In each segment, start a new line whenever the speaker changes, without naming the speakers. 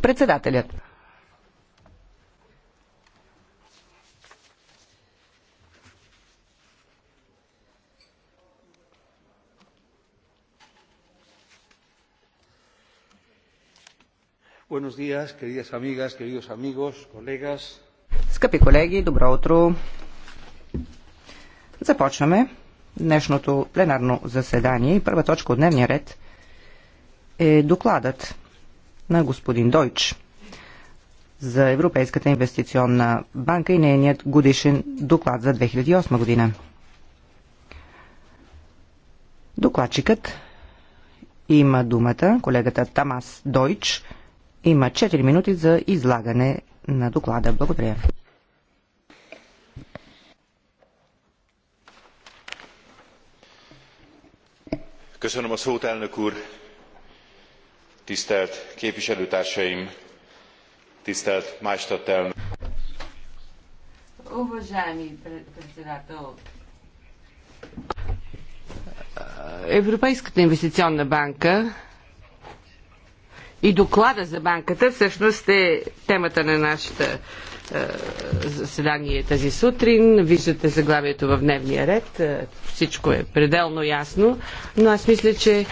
Председателят.
Buenos días, queridas amigas, queridos amigos, colegas.
Скъпи колеги, добро утро! Започваме днешното пленарно заседание и първа точка от дневния ред – е докладът на господин Дойч за Европейската инвестиционна банка и нейният годишен доклад за 2008 година. Докладчикът има думата, колегата Тамас Дойч има 4 минути за излагане на доклада. Благодаря. Köszönöm a szót, elnök úr! tisztelt képviselőtársaim, tisztelt Maestat elnök.
Уважаеми председател, Европейската инвестиционна банка и доклада за банката всъщност е темата на нашата е, заседание тази сутрин. Виждате заглавието в дневния ред. Е, всичко е пределно ясно. Но аз мисля, че е,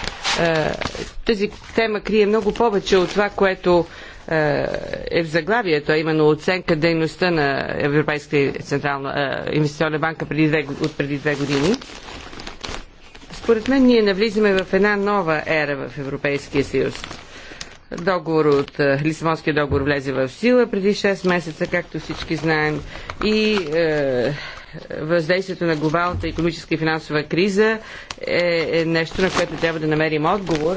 тази тема крие много повече от това, което е, е в заглавието, а именно оценка дейността на Европейска централна е, инвестиционна банка преди две, от преди две години. Според мен ние навлизаме в една нова ера в Европейския съюз договор от е, Лисабонския договор влезе в сила преди 6 месеца, както всички знаем, и е, въздействието на глобалната економическа и финансова криза е, е нещо, на което трябва да намерим отговор.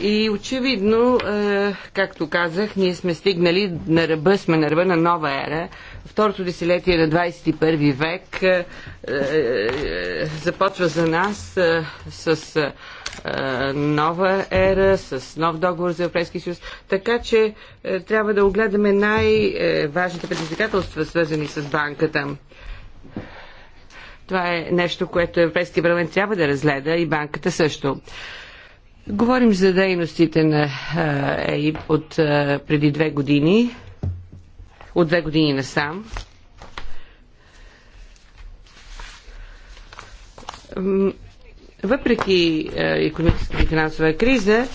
И очевидно, е, както казах, ние сме стигнали на ръба, сме на ръба на нова ера. Второто десетилетие на 21 век е, е, е, започва за нас е, с нова ера, с нов договор за Европейски съюз. Така че е, трябва да огледаме най-важните предизвикателства, свързани с банката. Това е нещо, което Европейския парламент трябва да разгледа и банката също. Говорим за дейностите на ЕИП от преди две години, от две години насам. Въпреки е, економическата и финансова криза, е,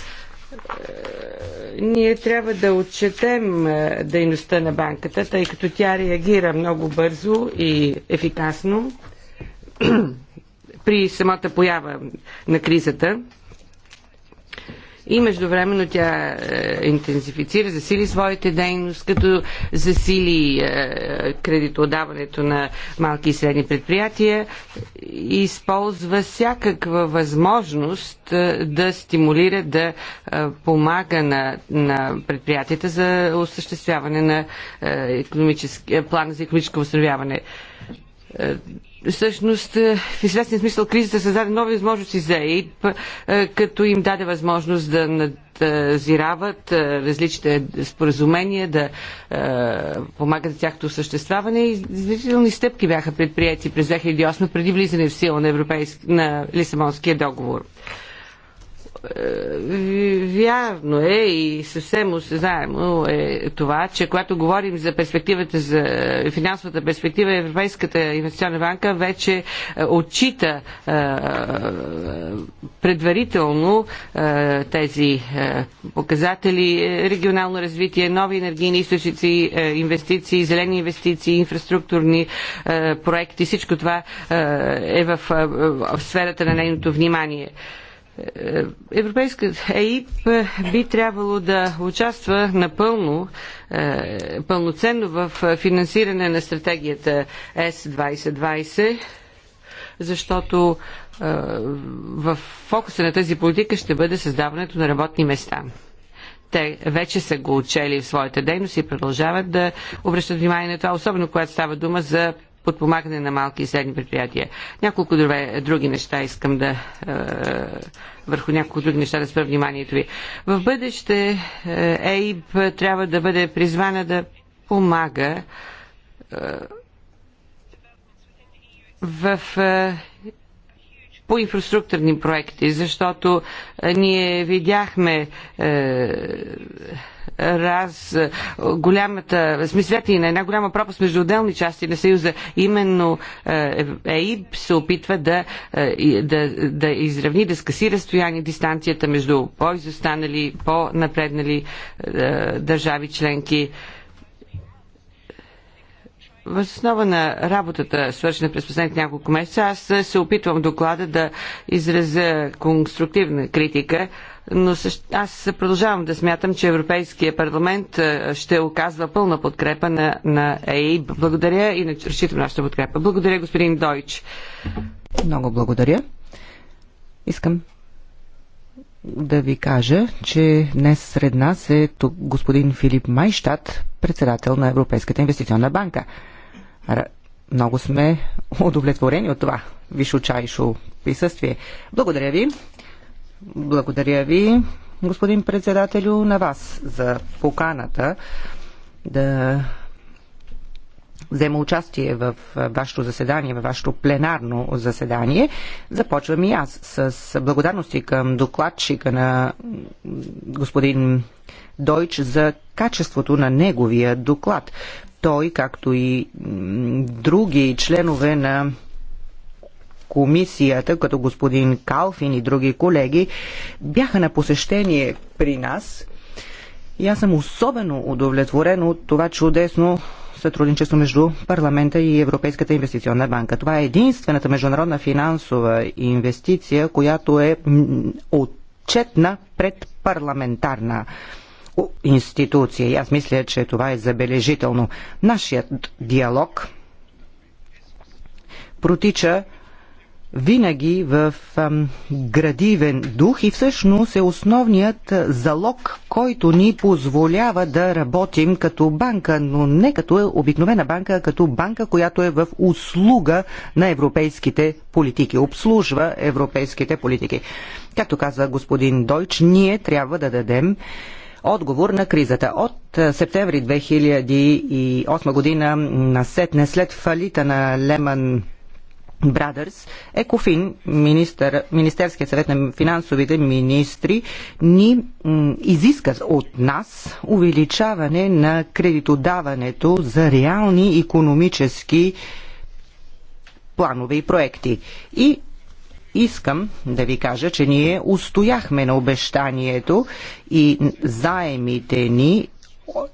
ние трябва да отчетем е, дейността на банката, тъй като тя реагира много бързо и ефикасно при самата поява на кризата и междувременно тя е, интензифицира, засили своите дейност, като засили е, кредитодаването на малки и средни предприятия, използва всякаква възможност е, да стимулира, да е, помага на, на предприятията за осъществяване на е, е, плана за економическо възстановяване е, всъщност е, в известен смисъл кризата създаде нови възможности за ЕИП, е, като им даде възможност да надзирават е, различните споразумения, да помагат за тяхното съществяване. И значителни стъпки бяха предприяти през 2008 преди влизане в сила на, европейски, на Лисабонския договор. Е, вярно е и съвсем осезаемо е това, че когато говорим за перспективата, за финансовата перспектива, Европейската инвестиционна банка вече е, отчита е, предварително тези показатели регионално развитие, нови енергийни източници, инвестиции, зелени инвестиции, инфраструктурни проекти. Всичко това е в сферата на нейното внимание. Е, Европейска ЕИП би трябвало да участва напълно, е, пълноценно в финансиране на стратегията С-2020, защото е, в фокуса на тази политика ще бъде създаването на работни места. Те вече са го учели в своята дейност и продължават да обръщат внимание на това, особено когато става дума за подпомагане на малки и средни предприятия. Няколко други неща искам да е, върху няколко други неща да спра вниманието ви. В бъдеще е, ЕИБ трябва да бъде призвана да помага е, в по инфраструктурни проекти, защото е, ние видяхме е, раз голямата, сме и на една голяма пропаст между отделни части на Съюза. Именно е, е, ЕИБ се опитва да, да, да изравни, да скъси разстояние, дистанцията между по-изостанали, по-напреднали е, държави членки. Е, Възоснова на работата, свършена през последните няколко месеца, аз се опитвам доклада да изразя конструктивна критика, но също, аз продължавам да смятам, че Европейския парламент ще оказва пълна подкрепа на, на ЕИБ. Благодаря и на, разчитам нашата подкрепа. Благодаря, господин Дойч.
Много благодаря. Искам да ви кажа, че днес сред нас е тук господин Филип Майштат, председател на Европейската инвестиционна банка. Много сме удовлетворени от това вишучайшо присъствие. Благодаря ви. Благодаря ви, господин председателю, на вас за поканата да взема участие в вашето заседание, в вашето пленарно заседание. Започвам и аз с благодарности към докладчика на господин Дойч за качеството на неговия доклад той, както и други членове на комисията, като господин Калфин и други колеги, бяха на посещение при нас. И аз съм особено удовлетворен от това чудесно сътрудничество между парламента и Европейската инвестиционна банка. Това е единствената международна финансова инвестиция, която е отчетна пред парламентарна институция. И аз мисля, че това е забележително. Нашият диалог протича винаги в ам, градивен дух и всъщност е основният залог, който ни позволява да работим като банка, но не като обикновена банка, а като банка, която е в услуга на европейските политики, обслужва европейските политики. Както каза господин Дойч, ние трябва да дадем отговор на кризата. От е, септември 2008 година насетне след фалита на Леман Брадърс, Екофин, министър, Министерския съвет на финансовите министри, ни изиска от нас увеличаване на кредитодаването за реални економически планове и проекти. И Искам да ви кажа, че ние устояхме на обещанието и заемите ни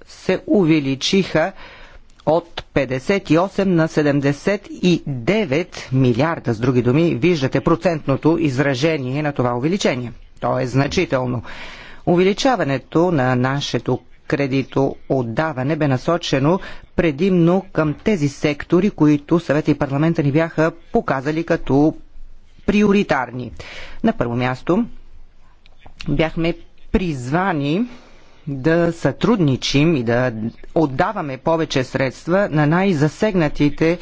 се увеличиха от 58 на 79 милиарда. С други думи, виждате процентното изражение на това увеличение. То е значително. Увеличаването на нашето кредито отдаване бе насочено предимно към тези сектори, които съвет и парламента ни бяха показали като приоритарни. На първо място бяхме призвани да сътрудничим и да отдаваме повече средства на най-засегнатите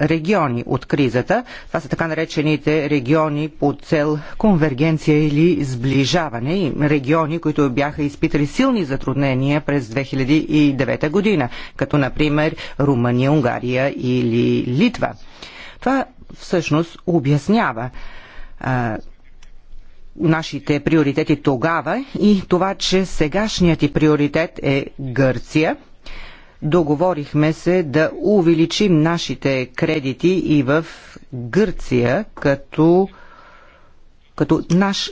региони от кризата. Това са така наречените региони по цел конвергенция или сближаване, и региони, които бяха изпитали силни затруднения през 2009 година, като например Румъния, Унгария или Литва. Това всъщност обяснява а, нашите приоритети тогава и това, че сегашният и приоритет е Гърция. Договорихме се да увеличим нашите кредити и в Гърция като, като наш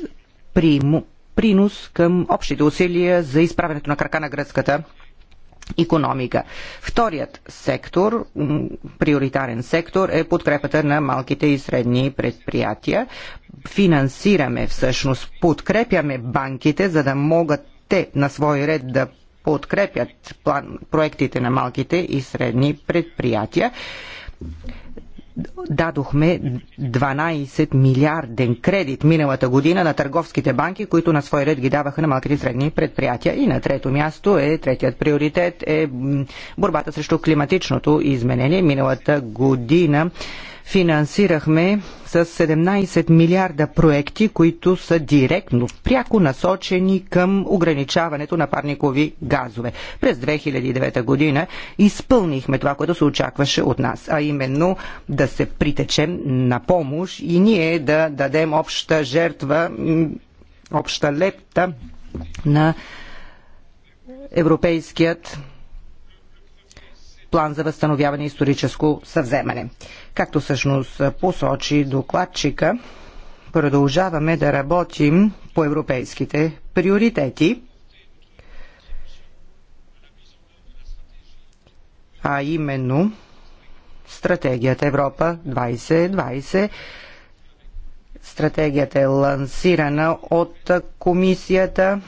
приму, принос към общите усилия за изправенето на крака на гръцката економика. Вторият сектор, приоритарен сектор е подкрепата на малките и средни предприятия. Финансираме всъщност, подкрепяме банките, за да могат те на свой ред да подкрепят план, проектите на малките и средни предприятия дадохме 12 милиарден кредит миналата година на търговските банки, които на свой ред ги даваха на малките и средни предприятия. И на трето място е, третият приоритет е борбата срещу климатичното изменение. Миналата година финансирахме с 17 милиарда проекти, които са директно, пряко насочени към ограничаването на парникови газове. През 2009 година изпълнихме това, което се очакваше от нас, а именно да се притечем на помощ и ние да дадем обща жертва, обща лепта на европейският план за възстановяване и историческо съвземане. Както всъщност посочи докладчика, продължаваме да работим по европейските приоритети, а именно стратегията Европа 2020 Стратегията е лансирана от комисията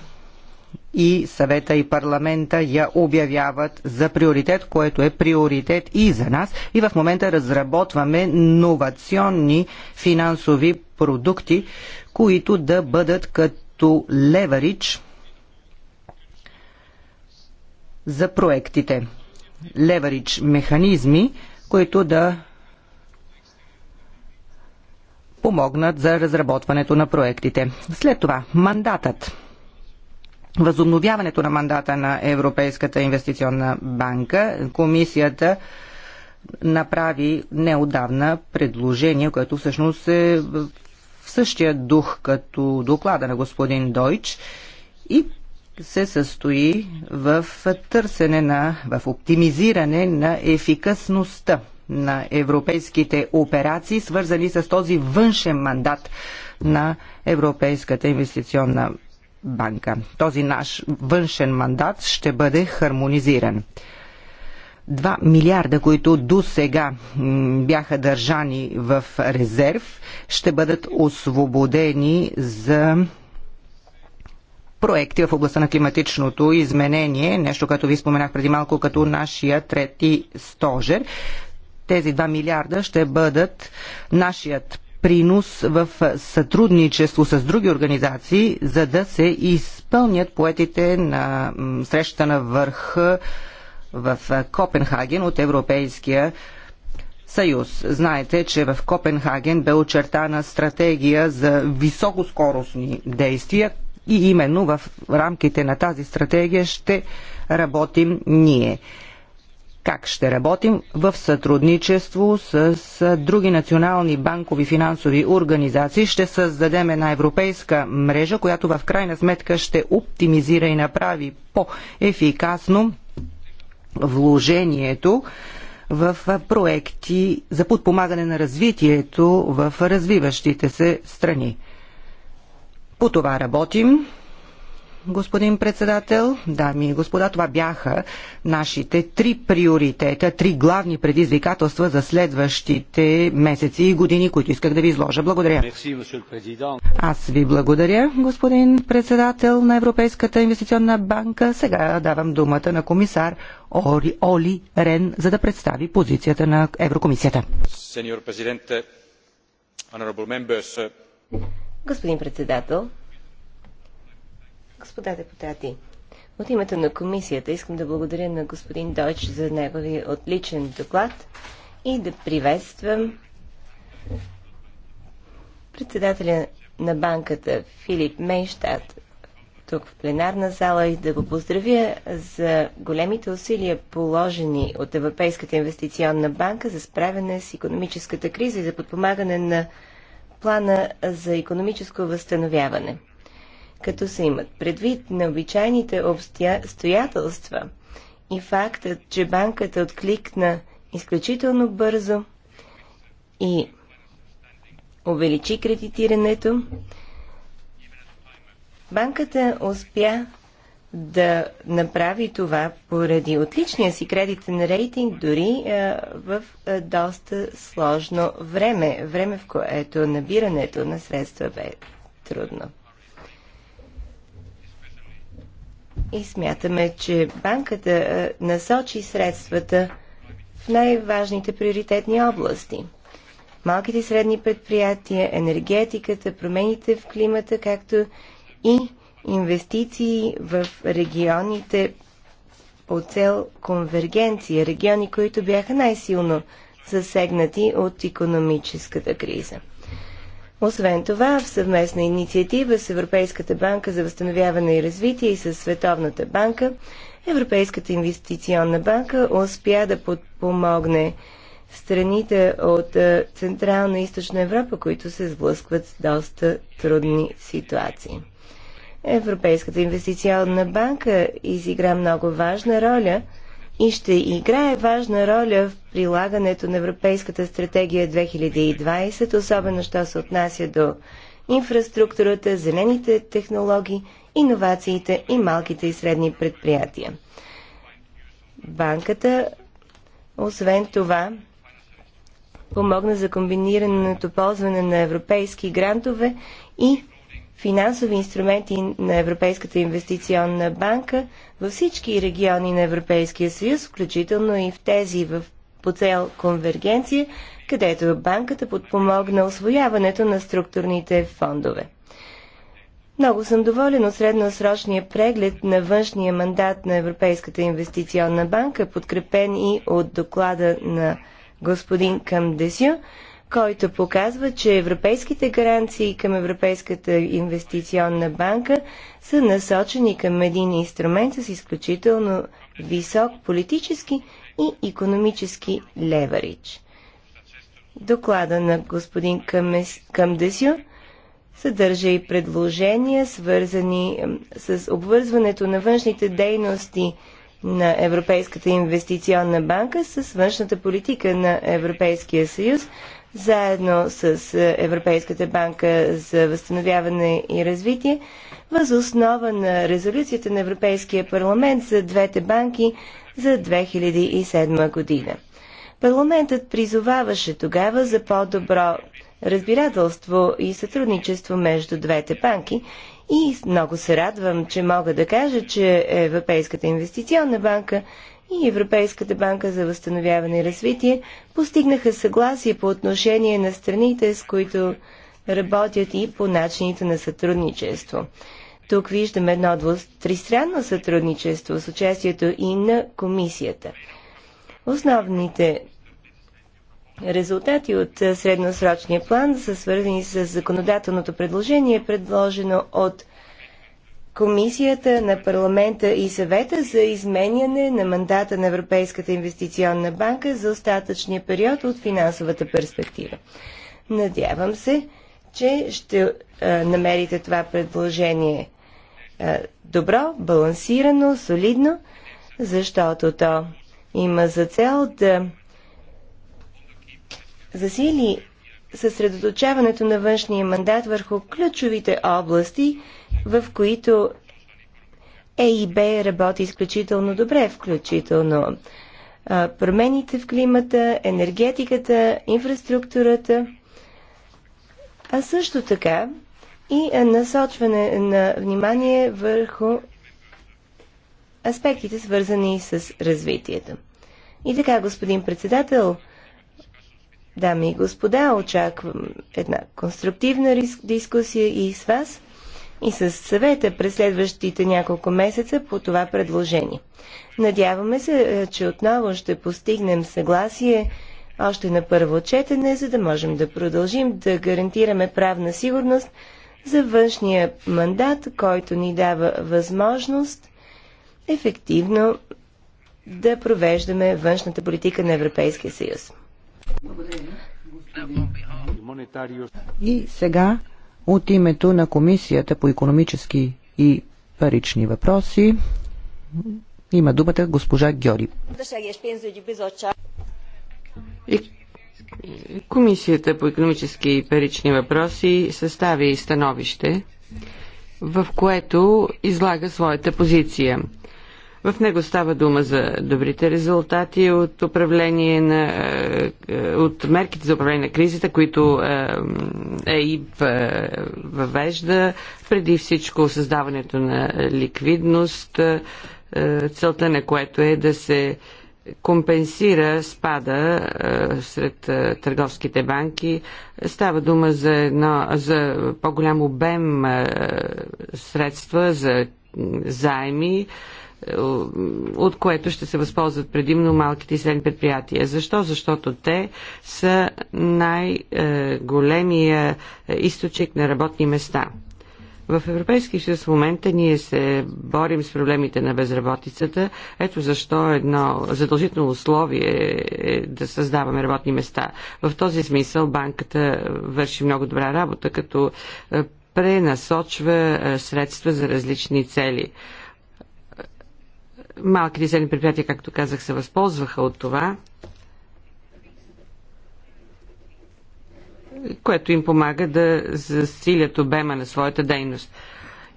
и съвета и парламента я обявяват за приоритет, което е приоритет и за нас. И в момента разработваме новационни финансови продукти, които да бъдат като леварич за проектите. Леварич механизми, които да помогнат за разработването на проектите. След това мандатът възобновяването на мандата на Европейската инвестиционна банка, комисията направи неодавна предложение, което всъщност е в същия дух като доклада на господин Дойч и се състои в търсене на, в оптимизиране на ефикасността на европейските операции, свързани с този външен мандат на Европейската инвестиционна банка. Този наш външен мандат ще бъде хармонизиран. 2 милиарда, които до сега бяха държани в резерв, ще бъдат освободени за проекти в областта на климатичното изменение, нещо, като ви споменах преди малко, като нашия трети стожер. Тези 2 милиарда ще бъдат нашият принос в сътрудничество с други организации, за да се изпълнят поетите на срещата на върха в Копенхаген от Европейския съюз. Знаете, че в Копенхаген бе очертана стратегия за високоскоростни действия и именно в рамките на тази стратегия ще работим ние как ще работим в сътрудничество с други национални банкови финансови организации. Ще създадем една европейска мрежа, която в крайна сметка ще оптимизира и направи по-ефикасно вложението в проекти за подпомагане на развитието в развиващите се страни. По това работим господин председател. Дами и господа, това бяха нашите три приоритета, три главни предизвикателства за следващите месеци и години, които исках да ви изложа. Благодаря. Аз ви благодаря, господин председател на Европейската инвестиционна банка. Сега давам думата на комисар Оли Рен, за да представи позицията на Еврокомисията.
Господин председател, Господа депутати, от името на комисията искам да благодаря на господин Дойч за негови отличен доклад и да приветствам председателя на банката Филип Мейнштадт тук в пленарна зала и да го поздравя за големите усилия положени от Европейската инвестиционна банка за справяне с економическата криза и за подпомагане на плана за економическо възстановяване – като се имат предвид на обичайните обстоятелства и фактът, че банката откликна изключително бързо и увеличи кредитирането, банката успя да направи това поради отличния си кредитен рейтинг, дори а, в а, доста сложно време, време в което набирането на средства бе трудно. и смятаме, че банката насочи средствата в най-важните приоритетни области. Малките и средни предприятия, енергетиката, промените в климата, както и инвестиции в регионите по цел конвергенция, региони, които бяха най-силно засегнати от економическата криза. Освен това, в съвместна инициатива с Европейската банка за възстановяване и развитие и с Световната банка, Европейската инвестиционна банка успя да подпомогне страните от е, Централна и Източна Европа, които се сблъскват с доста трудни ситуации. Европейската инвестиционна банка изигра много важна роля – и ще играе важна роля в прилагането на Европейската стратегия 2020, особено що се отнася до инфраструктурата, зелените технологии, иновациите и малките и средни предприятия. Банката, освен това, помогна за комбинираното ползване на европейски грантове и финансови инструменти на Европейската инвестиционна банка във всички региони на Европейския съюз, включително и в тези в по цел конвергенция, където банката подпомогна освояването на структурните фондове. Много съм доволен от средносрочния преглед на външния мандат на Европейската инвестиционна банка, подкрепен и от доклада на господин Камдесю, който показва, че европейските гаранции към Европейската инвестиционна банка са насочени към един инструмент с изключително висок политически и економически леверидж. Доклада на господин Къмдесю съдържа и предложения, свързани с обвързването на външните дейности на Европейската инвестиционна банка с външната политика на Европейския съюз заедно с е, Европейската банка за възстановяване и развитие, въз основа на резолюцията на Европейския парламент за двете банки за 2007 година. Парламентът призоваваше тогава за по-добро разбирателство и сътрудничество между двете банки и много се радвам, че мога да кажа, че Европейската инвестиционна банка и Европейската банка за възстановяване и развитие постигнаха съгласие по отношение на страните, с които работят и по начините на сътрудничество. Тук виждаме едно тристранно сътрудничество с участието и на комисията. Основните резултати от средносрочния план са свързани с законодателното предложение, предложено от Комисията на парламента и съвета за изменяне на мандата на Европейската инвестиционна банка за остатъчния период от финансовата перспектива. Надявам се, че ще а, намерите това предложение а, добро, балансирано, солидно, защото то има за цел да засили съсредоточаването на външния мандат върху ключовите области, в които ЕИБ работи изключително добре, включително промените в климата, енергетиката, инфраструктурата, а също така и насочване на внимание върху аспектите, свързани с развитието. И така, господин председател, Дами и господа, очаквам една конструктивна дискусия и с вас, и с съвета през следващите няколко месеца по това предложение. Надяваме се, е, че отново ще постигнем съгласие още на първо четене, за да можем да продължим да гарантираме правна сигурност за външния мандат, който ни дава възможност ефективно да провеждаме външната политика на Европейския съюз.
И сега от името на Комисията по економически и парични въпроси има думата госпожа Георги.
И Комисията по економически и парични въпроси състави становище, в което излага своята позиция. В него става дума за добрите резултати от управление на, е, е, от мерките за управление на кризата, които ЕИП е, въвежда, преди всичко създаването на ликвидност, целта на което е да се компенсира спада сред търговските банки. Става дума за, едно, за по-голям обем средства за заеми, от което ще се възползват предимно малките и средни предприятия. Защо? Защото те са най-големия е, източник на работни места. В Европейския съюз в момента ние се борим с проблемите на безработицата. Ето защо едно задължително условие е да създаваме работни места. В този смисъл банката върши много добра работа, като е, пренасочва е, средства за различни цели Малките и средни предприятия, както казах, се възползваха от това, което им помага да засилят обема на своята дейност.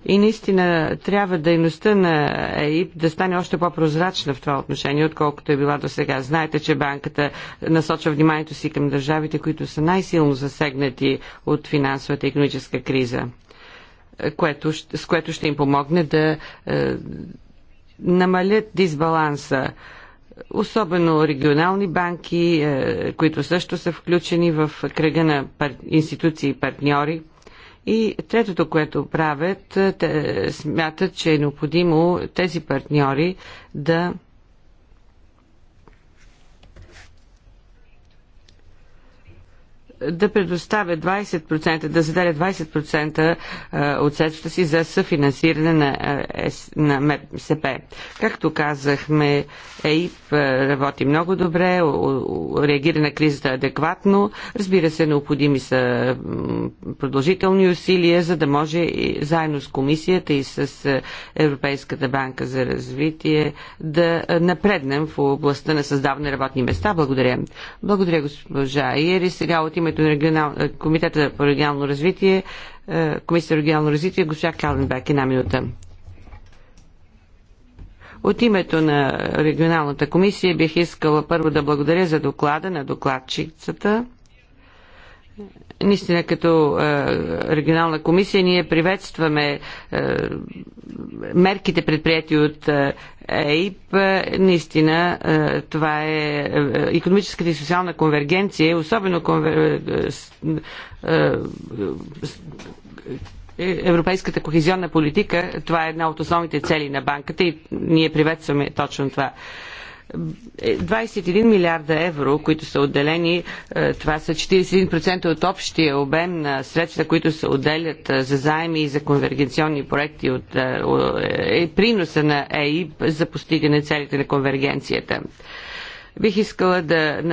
И наистина трябва дейността на ЕИП да стане още по-прозрачна в това отношение, отколкото е била до сега. Знаете, че банката насочва вниманието си към държавите, които са най-силно засегнати от финансовата и економическа криза което, с което ще им помогне да е, намалят дисбаланса. Особено регионални банки, е, които също са включени в кръга на институции и партньори. И третото, което правят, е, те смятат, че е необходимо тези партньори да да предоставя 20%, да заделя 20% от средствата си за съфинансиране на, на МСП. Както казахме, ЕИП работи много добре, реагира на кризата адекватно. Разбира се, необходими са продължителни усилия, за да може заедно с комисията и с Европейската банка за развитие да напреднем в областта на създаване работни места. Благодаря. Благодаря, госпожа Иери. Сега от името името на регионал... Е, Комитета по регионално развитие, е, Комисията по регионално развитие, госпожа Калденбек, една минута. От името на регионалната комисия бих искала първо да благодаря за доклада на докладчицата наистина като е, регионална комисия ние приветстваме е, мерките предприяти от е, ЕИП. Наистина това е економическата и социална конвергенция, особено конвер... Европейската кохезионна политика, това е една от основните цели на банката и ние приветстваме точно това. 21 е, милиарда евро, които са отделени, е, това са 41% от общия обем на средства, които се отделят е, за заеми и за конвергенционни проекти от е, приноса на ЕИП за постигане целите на конвергенцията. Бих искала да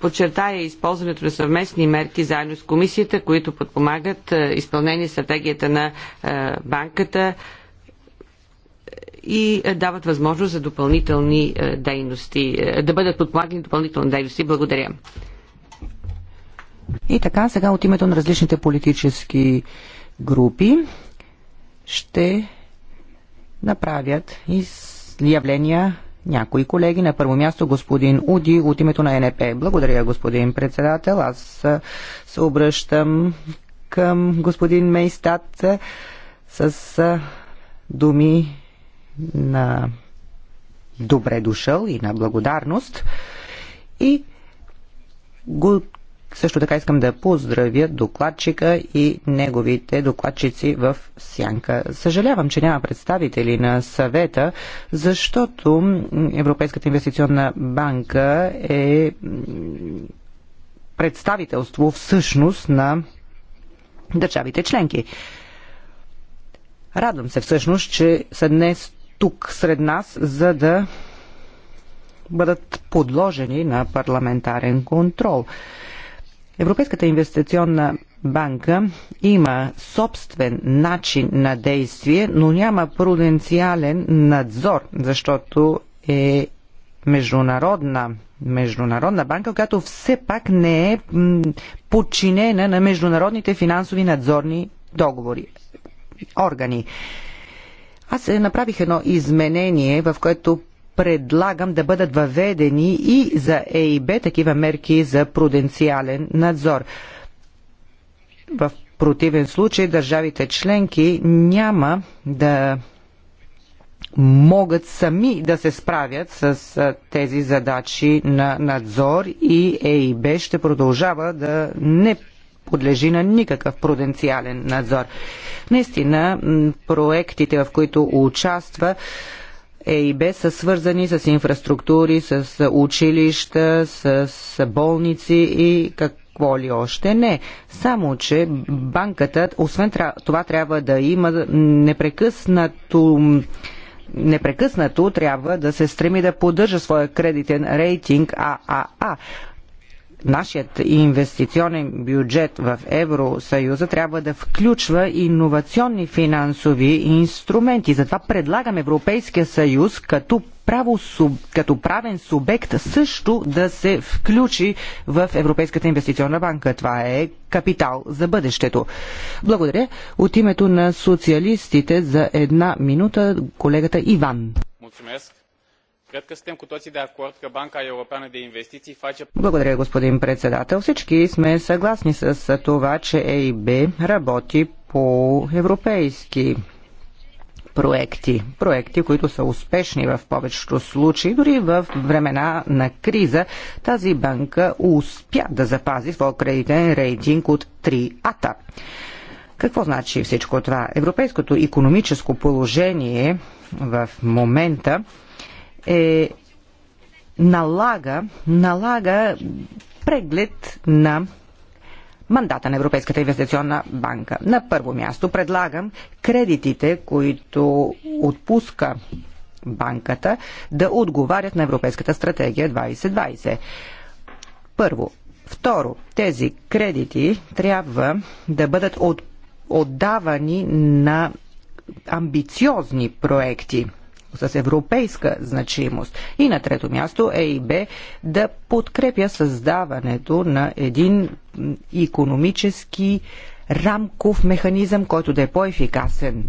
подчертая използването на съвместни мерки заедно с комисията, които подпомагат изпълнение стратегията на банката и е, дават възможност за допълнителни е, дейности, е, да бъдат подпомагани допълнителни дейности. Благодаря.
И така, сега от името на различните политически групи ще направят изявления някои колеги. На първо място господин Уди от името на НП. Благодаря, господин председател. Аз се обръщам към господин Мейстат с думи на добре дошъл и на благодарност. И го също така искам да поздравя докладчика и неговите докладчици в Сянка. Съжалявам, че няма представители на съвета, защото Европейската инвестиционна банка е представителство всъщност на държавите членки. Радвам се всъщност, че са днес тук сред нас, за да бъдат подложени на парламентарен контрол. Европейската инвестиционна банка има собствен начин на действие, но няма пруденциален надзор, защото е международна, международна банка, която все пак не е подчинена на международните финансови надзорни договори, органи. Аз е, направих едно изменение, в което предлагам да бъдат въведени и за ЕИБ такива мерки за пруденциален надзор. В противен случай държавите членки няма да могат сами да се справят с тези задачи на надзор и ЕИБ ще продължава да не подлежи на никакъв пруденциален надзор. Наистина, проектите, в които участва ЕИБ, са свързани с инфраструктури, с училища, с болници и как какво ли още не. Само, че банката, освен това, трябва да има непрекъснато непрекъснато трябва да се стреми да поддържа своя кредитен рейтинг ААА нашият инвестиционен бюджет в Евросъюза трябва да включва иновационни финансови инструменти. Затова предлагам Европейския съюз като, право, като правен субект също да се включи в Европейската инвестиционна банка. Това е капитал за бъдещето. Благодаря. От името на социалистите за една минута колегата Иван. Mulțumesc. Cred că suntem cu toții de acord că Banca Europeană de Investiții face... Благодаря, господин председател. Всички сме съгласни с това, че ЕИБ работи по европейски проекти. Проекти, които са успешни в повечето случаи, дори в времена на криза, тази банка успя да запази своя кредитен рейтинг от 3-ата. Какво значи всичко това? Европейското економическо положение в момента е, налага, налага преглед на мандата на Европейската инвестиционна банка. На първо място предлагам кредитите, които отпуска банката, да отговарят на Европейската стратегия 2020. Първо. Второ, тези кредити трябва да бъдат от, отдавани на амбициозни проекти – с европейска значимост. И на трето място ЕИБ да подкрепя създаването на един економически рамков механизъм, който да е по-ефикасен.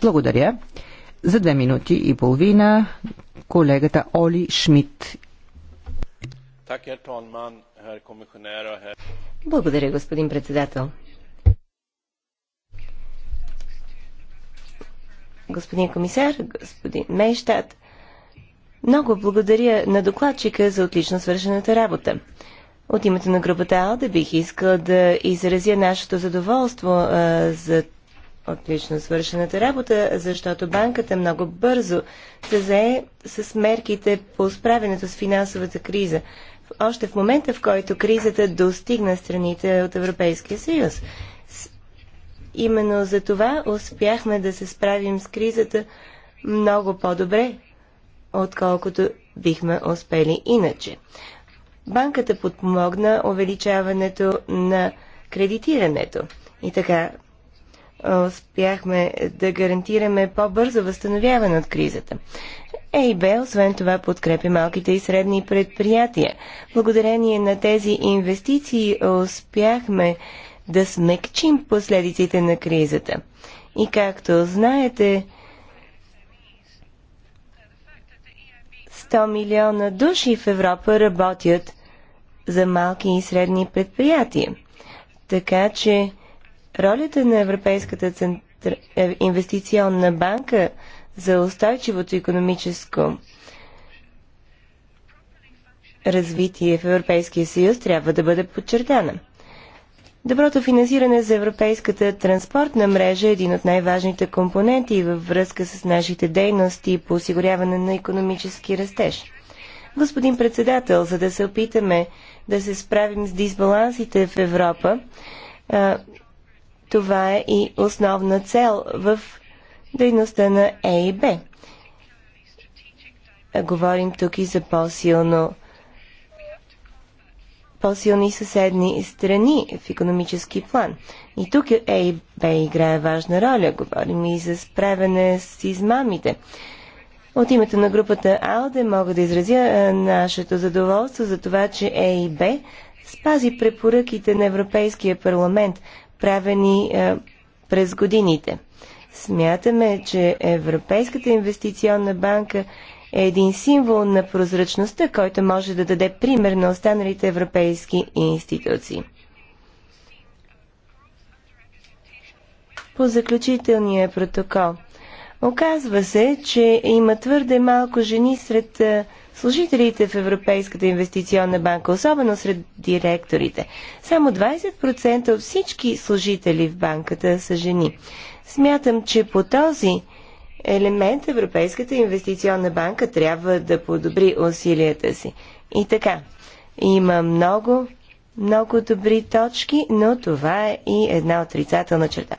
Благодаря. За две минути и половина колегата
Оли Шмидт. Благодаря, господин председател. господин комисар, господин Мейштад. Много благодаря на докладчика за отлично свършената работа. От името на групата АЛДА бих искал да изразя нашето задоволство а, за отлично свършената работа, защото банката много бързо се зае с мерките по справянето с финансовата криза, още в момента в който кризата достигна страните от Европейския съюз. Именно за това успяхме да се справим с кризата много по-добре, отколкото бихме успели иначе. Банката подпомогна увеличаването на кредитирането и така успяхме да гарантираме по-бързо възстановяване от кризата. ЕИБ, освен това, подкрепи малките и средни предприятия. Благодарение на тези инвестиции успяхме да смекчим последиците на кризата. И както знаете, 100 милиона души в Европа работят за малки и средни предприятия. Така че ролята на Европейската центр... Е, инвестиционна банка за устойчивото економическо развитие в Европейския съюз трябва да бъде подчертана. Доброто финансиране за европейската транспортна мрежа е един от най-важните компоненти във връзка с нашите дейности по осигуряване на економически растеж. Господин председател, за да се опитаме да се справим с дисбалансите в Европа, това е и основна цел в дейността на ЕИБ. Говорим тук и за по-силно по-силни съседни страни в економически план. И тук ЕИБ играе важна роля. Говорим и за справяне с измамите. От името на групата АЛДЕ мога да изразя нашето задоволство за това, че ЕИБ спази препоръките на Европейския парламент, правени е, през годините. Смятаме, че Европейската инвестиционна банка е един символ на прозрачността, който може да даде пример на останалите европейски институции. По заключителния протокол. Оказва се, че има твърде малко жени сред е, служителите в Европейската инвестиционна банка, особено сред директорите. Само 20% от всички служители в банката са жени. Смятам, че по този елемент Европейската инвестиционна банка трябва да подобри усилията си. И така, има много, много добри точки, но това е и една отрицателна черта.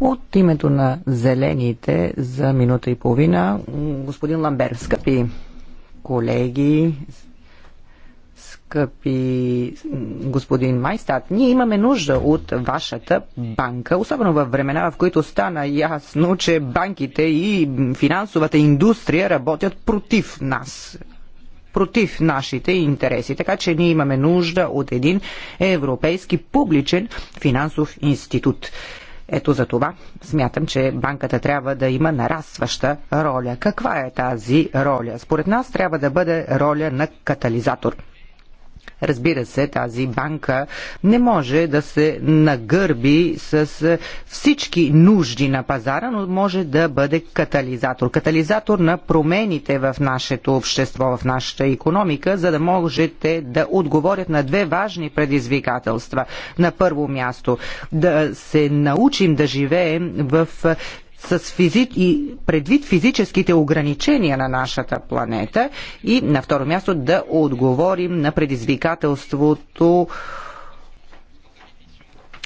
От името на Зелените за минута и половина,
господин Ламбер, скъпи
колеги, скъпи господин Майстат, ние имаме нужда от вашата банка, особено във времена, в които стана ясно, че банките и финансовата индустрия работят против нас против нашите интереси. Така че ние имаме нужда от един европейски публичен финансов институт. Ето за това смятам, че банката трябва да има нарастваща роля. Каква е тази роля? Според нас трябва да бъде роля на катализатор. Разбира се, тази банка не може да се нагърби с всички нужди на пазара, но може да бъде катализатор. Катализатор на промените в нашето общество, в нашата економика, за да можете да отговорят на две важни предизвикателства. На първо място, да се научим да живеем в с физи... и предвид физическите ограничения на нашата планета и на второ място да отговорим на предизвикателството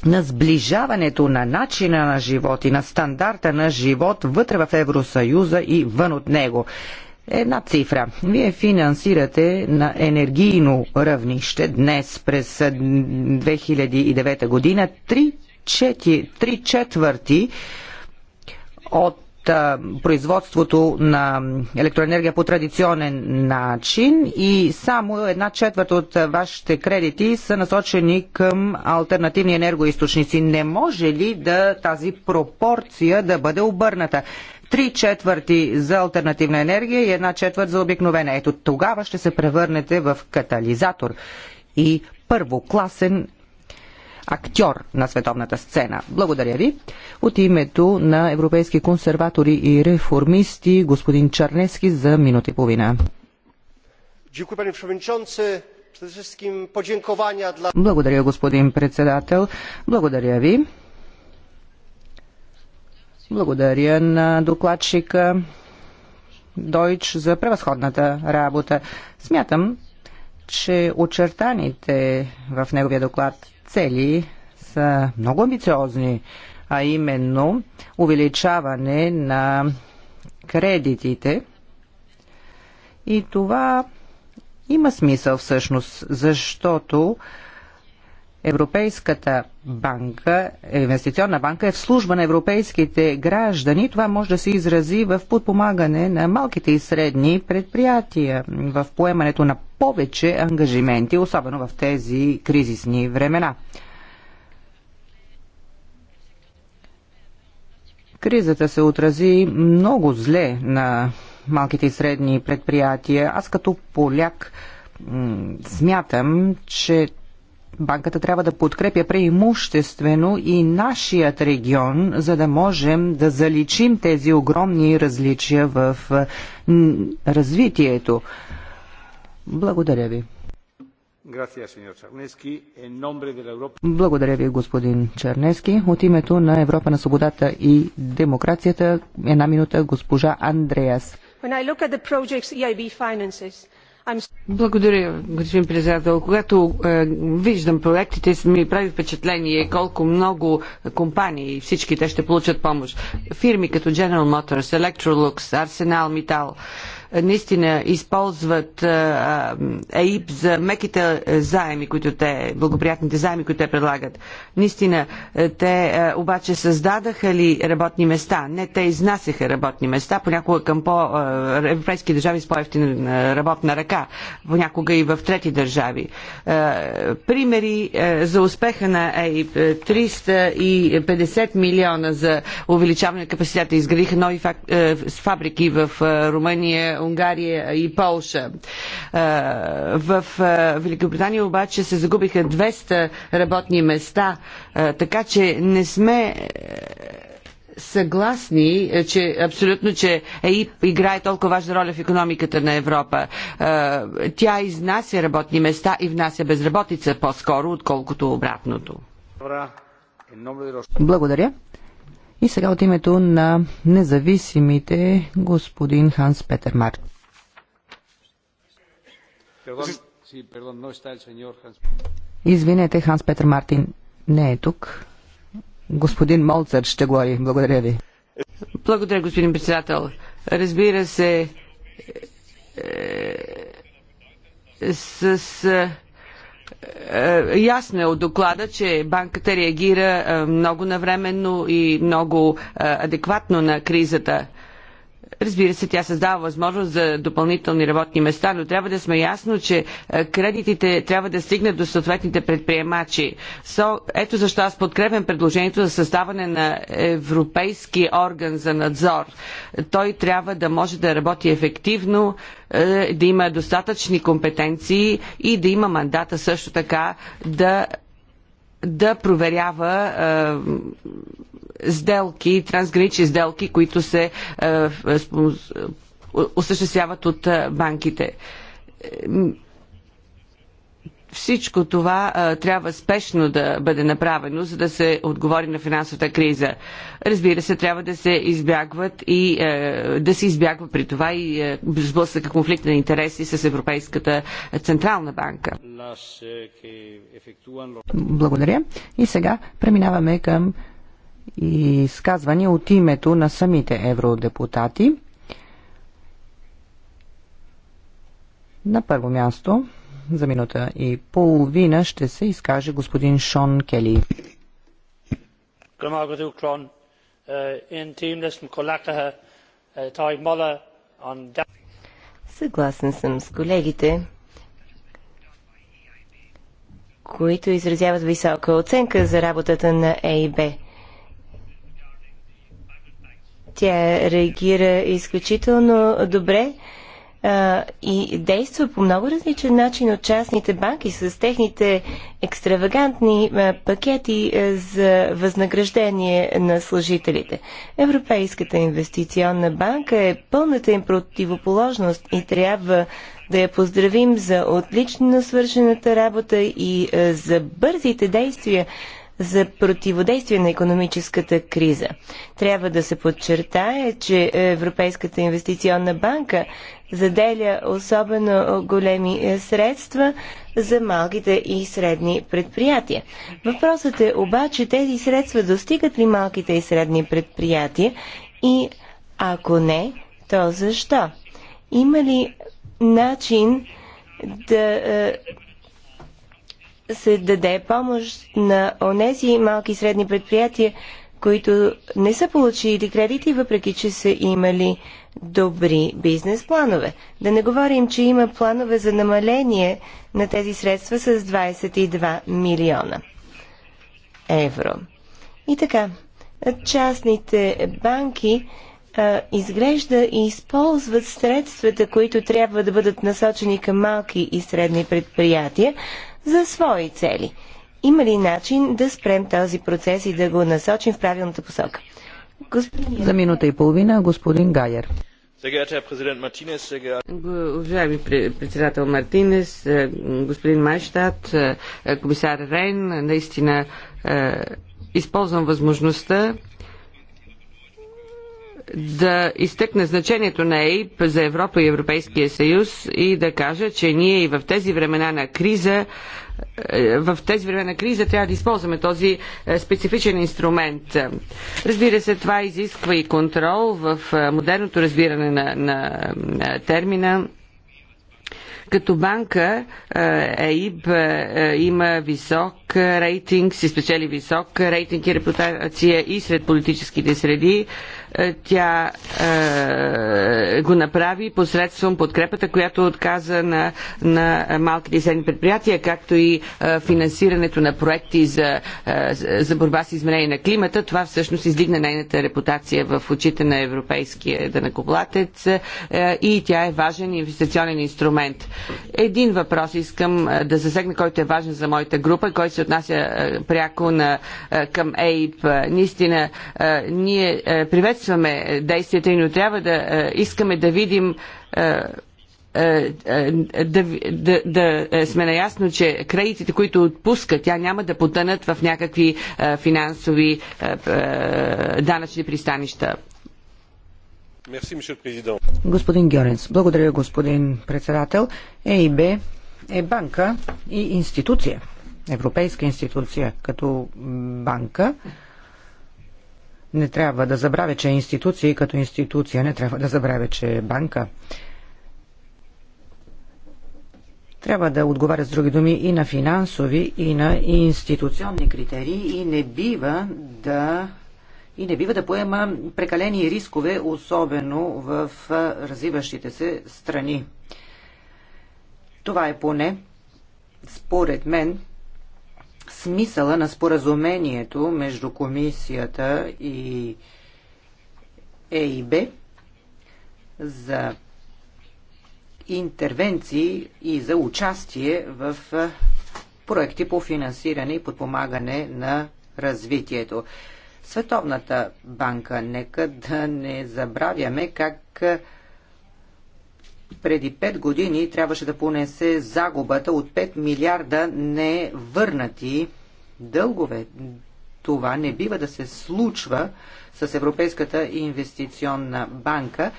на сближаването на начина на живот и на стандарта на живот вътре в Евросъюза и вън от него. Една цифра. Вие финансирате на енергийно равнище днес през 2009 година 3 четвърти от производството на електроенергия по традиционен начин и само една четвърт от вашите кредити са насочени към альтернативни енергоисточници. Не може ли да тази пропорция да бъде обърната? Три четвърти за альтернативна енергия и една четвърт за обикновена. Ето тогава ще се превърнете в катализатор и първокласен актьор на световната сцена. Благодаря ви. От името на европейски консерватори и реформисти, господин Чарнески за минута и половина. Благодаря, господин председател. Благодаря ви. Благодаря на докладчика Дойч за превъзходната работа. Смятам, че очертаните в неговия доклад цели са много амбициозни, а именно увеличаване на кредитите. И това има смисъл всъщност, защото Европейската банка, инвестиционна банка е в служба на европейските граждани. Това може да се изрази в подпомагане на малките и средни предприятия, в поемането на повече ангажименти, особено в тези кризисни времена. Кризата се отрази много зле на малките и средни предприятия. Аз като поляк смятам, че банката трябва да подкрепя преимуществено и нашият регион, за да можем да заличим тези огромни различия в развитието. Благодаря ви. Благодаря ви, господин Чернески. От името на Европа на свободата и демокрацията, една минута госпожа Андреас.
When I look at the project's EIB finances,
благодаря, господин председател. Когато е, виждам проектите, ми прави впечатление колко много компании, всички те ще получат помощ. Фирми като General Motors, Electrolux, Arsenal, Metal наистина използват АИП за меките заеми, които те, благоприятните заеми, които те предлагат. Наистина, те обаче създадаха ли работни места? Не, те изнасяха работни места, понякога към по-европейски държави с по-ефтина работна ръка, понякога и в трети държави. Примери за успеха на АИП. 350 милиона за увеличаване на капацитета. Изградиха нови фабрики в Румъния, Унгария и Полша. В Великобритания обаче се загубиха 200 работни места, така че не сме съгласни, че абсолютно, че ЕИП играе толкова важна роля в економиката на Европа. Тя изнася работни места и внася безработица по-скоро, отколкото обратното. Благодаря. И сега от
името на независимите господин Ханс Петер Март. Извинете, Ханс Петер Мартин не е тук. Господин Молцер ще говори. Благодаря ви.
Благодаря, господин председател. Разбира се, е, е с е, е, ясно е от доклада, че банката реагира е, много навременно и много е, адекватно на кризата. Разбира се, тя създава възможност за допълнителни работни места, но трябва да сме ясно, че е, кредитите трябва да стигнат до съответните предприемачи. So, ето защо аз подкрепям предложението за създаване на европейски орган за надзор. Той трябва да може да работи ефективно, е, да има достатъчни компетенции и да има мандата също така да да проверява е, сделки, трансгранични сделки, които се е, е, осъществяват от е, банките. Всичко това а, трябва спешно да бъде направено, за да се отговори на финансовата криза. Разбира се, трябва да се избягват и а, да се избягва при това и а, сблъсъка конфликт на интереси с Европейската Централна банка. Благодаря. И сега преминаваме към и изказвания от името
на самите евродепутати. На първо място, за минута и половина, ще се изкаже господин Шон Кели. Е,
е, е,
Съгласен съм с колегите, които изразяват висока оценка за работата на ЕИБ. Тя реагира изключително добре и действа по много различен начин от частните банки с техните екстравагантни пакети за възнаграждение на служителите. Европейската инвестиционна банка е пълната им противоположност и трябва да я поздравим за отлично свършената работа и за бързите действия, за противодействие на економическата криза. Трябва да се подчертае, че Европейската инвестиционна банка заделя особено големи средства за малките и средни предприятия. Въпросът е обаче тези средства достигат ли малките и средни предприятия и ако не, то защо? Има ли начин да е, се даде помощ на онези малки и средни предприятия, които не са получили кредити, въпреки че са имали добри бизнес планове. Да не говорим, че има планове за намаление на тези средства с 22 милиона евро. И така, частните банки а, изглежда и използват средствата, които трябва да бъдат насочени към малки и средни предприятия, за свои цели. Има ли начин да спрем този процес и да го насочим в правилната посока? Господин... За минута и половина господин Гайер.
Уважаеми председател Мартинес, е, господин Майштад, е, е, комисар Рейн, наистина използвам възможността да изтъкне значението на ЕИП за Европа и Европейския съюз и да кажа, че ние и в тези времена на криза е, в тези време на криза трябва да използваме този е, специфичен инструмент. Разбира се, това изисква и контрол в е, модерното разбиране на, на, на термина. Като банка ЕИБ има висок рейтинг, си спечели висок рейтинг и репутация и сред политическите среди. Е, тя е, го направи посредством подкрепата, която отказа на, на малките и средни предприятия, както и е, финансирането на проекти за, е, за борба с изменение на климата. Това всъщност издигна нейната репутация в очите на европейския дънакоплатец е, и тя е важен инвестиционен инструмент. Един въпрос искам е, да засегна, който е важен за моята група, който се отнася е, пряко на, към ЕИП. Наистина, ние приветстваме приветстваме действията и но трябва да е, искаме да видим е, е, да, да, да сме наясно, че кредитите, които отпуска, тя няма да потънат в някакви финансови данъчни пристанища.
Господин Георенс, благодаря господин председател. ЕИБ е банка и институция, европейска институция като банка не трябва да забравя, че институции като институция, не трябва да забравя, че е банка. Трябва да отговаря с други думи и на финансови, и на институционни критерии и не бива да и не бива да поема прекалени рискове, особено в развиващите се страни. Това е поне, според мен, смисъла на споразумението между комисията и ЕИБ за интервенции и за участие в проекти по финансиране и подпомагане на развитието. Световната банка, нека да не забравяме как преди 5 години трябваше да понесе загубата от 5 милиарда невърнати дългове. Това не бива да се случва с Европейската инвестиционна банка,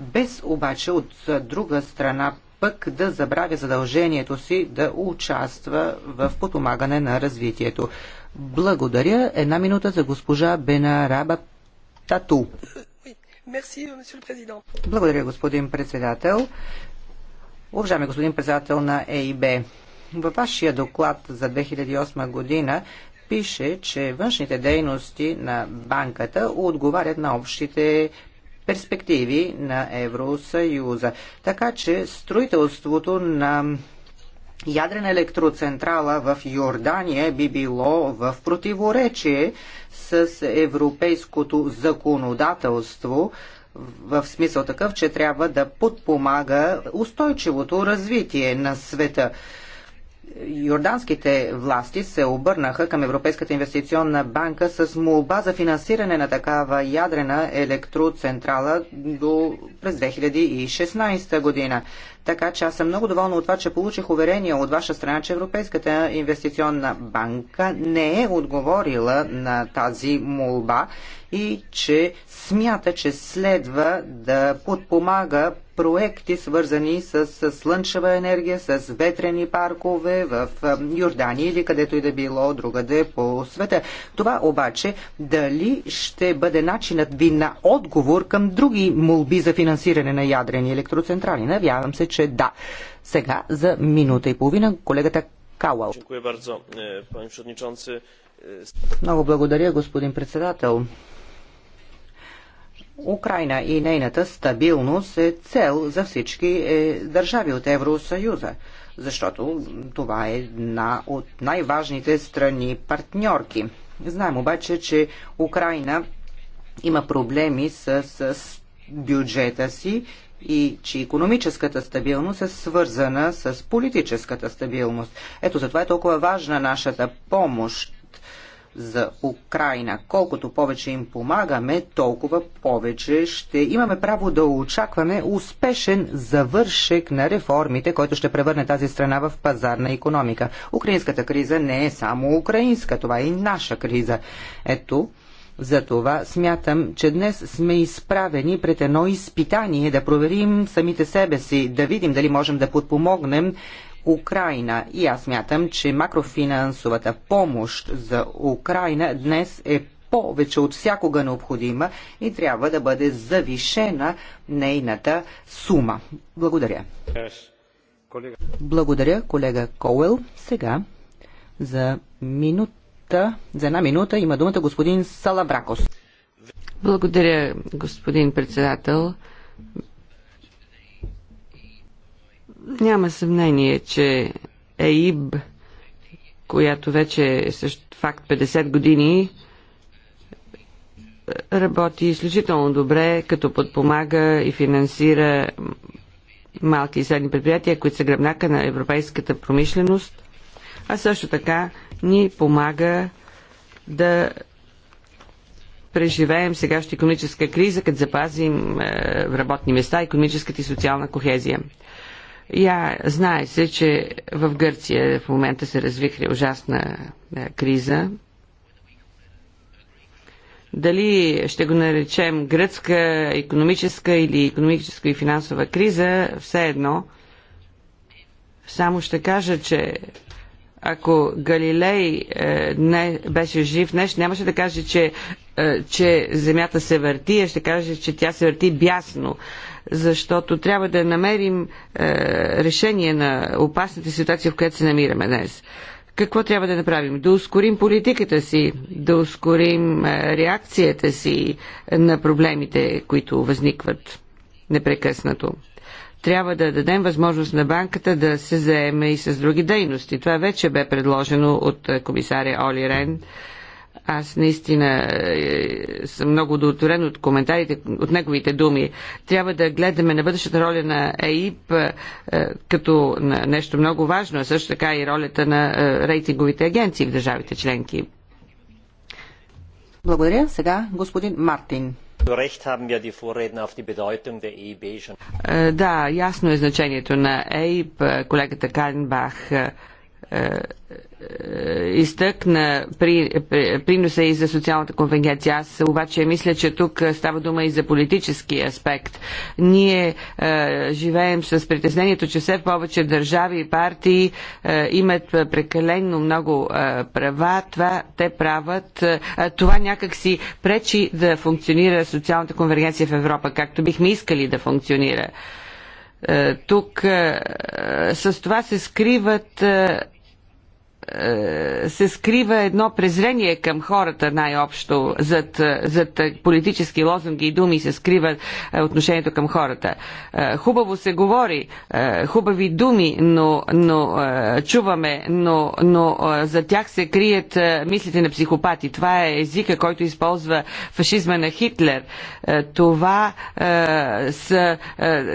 без обаче от друга страна пък да забравя задължението си да участва в подпомагане на развитието. Благодаря. Една минута за госпожа Бена Раба Тату. Благодаря, господин председател. Уважаеми господин председател на ЕИБ, във вашия доклад за 2008 година пише, че външните дейности на банката отговарят на общите перспективи на Евросъюза. Така че строителството на ядрена електроцентрала в Йордания би било в противоречие с европейското законодателство, в смисъл такъв, че трябва да подпомага устойчивото развитие на света. Йорданските власти се обърнаха към Европейската инвестиционна банка с молба за финансиране на такава ядрена електроцентрала до през 2016 година. Така че аз съм много доволна от това, че получих уверение от ваша страна, че Европейската инвестиционна банка не е отговорила на тази молба и че смята, че следва да подпомага проекти, свързани с, слънчева енергия, с ветрени паркове в Йордания или където и да било другаде по света. Това обаче дали ще бъде начинът ви на отговор към други молби за финансиране на ядрени електроцентрали? Навявам се, че да. Сега за минута и половина колегата Кауал.
E,
Много благодаря, господин председател. Украина и нейната стабилност е цел за всички е, държави от Евросъюза, защото това е една от най-важните страни партньорки. Знаем обаче, че Украина има проблеми с, с бюджета си и че економическата стабилност е свързана с политическата стабилност. Ето затова е толкова важна нашата помощ за Украина. Колкото повече им помагаме, толкова повече ще имаме право да очакваме успешен завършек на реформите, който ще превърне тази страна в пазарна економика. Украинската криза не е само украинска, това е и наша криза. Ето, затова смятам, че днес сме изправени пред едно изпитание да проверим самите себе си, да видим дали можем да подпомогнем Украина. И аз мятам, че макрофинансовата помощ за Украина днес е повече от всякога необходима и трябва да бъде завишена нейната сума. Благодаря. Благодаря, колега Коуел. Сега за минута, за една минута има думата господин Салабракос.
Благодаря, господин председател. Няма съмнение, че ЕИБ, която вече е също факт 50 години, работи изключително добре, като подпомага и финансира малки и средни предприятия, които са гръбнака на европейската промишленост, а също така ни помага да преживеем сегашната економическа криза, като запазим е, работни места, економическата и социална кохезия. Я знае се, че в Гърция в момента се развихри ужасна е, криза. Дали ще го наречем гръцка економическа или економическа и финансова криза, все едно. Само ще кажа, че ако Галилей е, не, беше жив днес, нямаше да каже, че, е, че Земята се върти, а ще каже, че тя се върти бясно защото трябва да намерим е, решение на опасната ситуация, в която се намираме днес. Какво трябва да направим? Да ускорим политиката си, да ускорим е, реакцията си на проблемите, които възникват непрекъснато трябва да дадем възможност на банката да се заеме и с други дейности. Това вече бе предложено от е, комисаря Оли Рен. Аз наистина е, съм много удовлетворен от коментарите, от неговите думи. Трябва да гледаме на бъдещата роля на ЕИП е, като на нещо много важно, а също така и ролята на рейтинговите агенции в държавите членки. Благодаря. Сега господин Мартин.
Е е
е, да, ясно е значението на ЕИБ. Колегата Кайнбах е, е, изтъкна при, при, приноса и за социалната конвенгенция. Аз обаче мисля, че тук става дума и за политически аспект. Ние е, живеем с притеснението, че все повече държави и партии е, имат прекалено много е, права. Това те правят. Е, е това си пречи да функционира социалната конвергенция в Европа, както бихме искали да функционира. Е, тук е, с това се скриват е, е, се скрива едно презрение към хората най-общо. Зад, е, зад политически лозунги и думи се скрива е, отношението към хората. Хубаво се говори, хубави думи, но, но чуваме, но, но за тях се крият мислите на психопати. Това е езика, който използва фашизма на Хитлер. Това са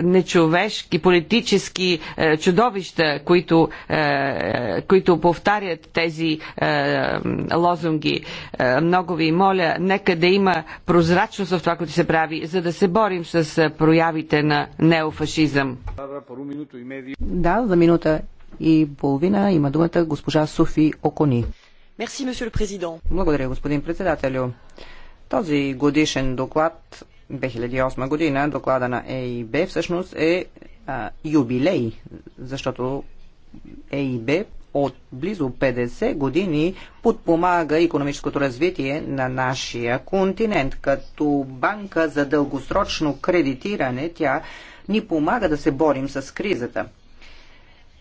нечовешки политически чудовища, които, които повтарят повтарят тези е, лозунги. Е, много ви моля, нека да има прозрачност в това, което се прави, за да се борим с е, проявите на неофашизъм.
Да, за минута и половина има думата госпожа Софи Окони. Merci, Благодаря, господин председателю. Този годишен доклад 2008 година, доклада на ЕИБ, всъщност е а, юбилей, защото ЕИБ от близо 50 години подпомага економическото развитие на нашия континент. Като банка за дългосрочно кредитиране, тя ни помага да се борим с кризата.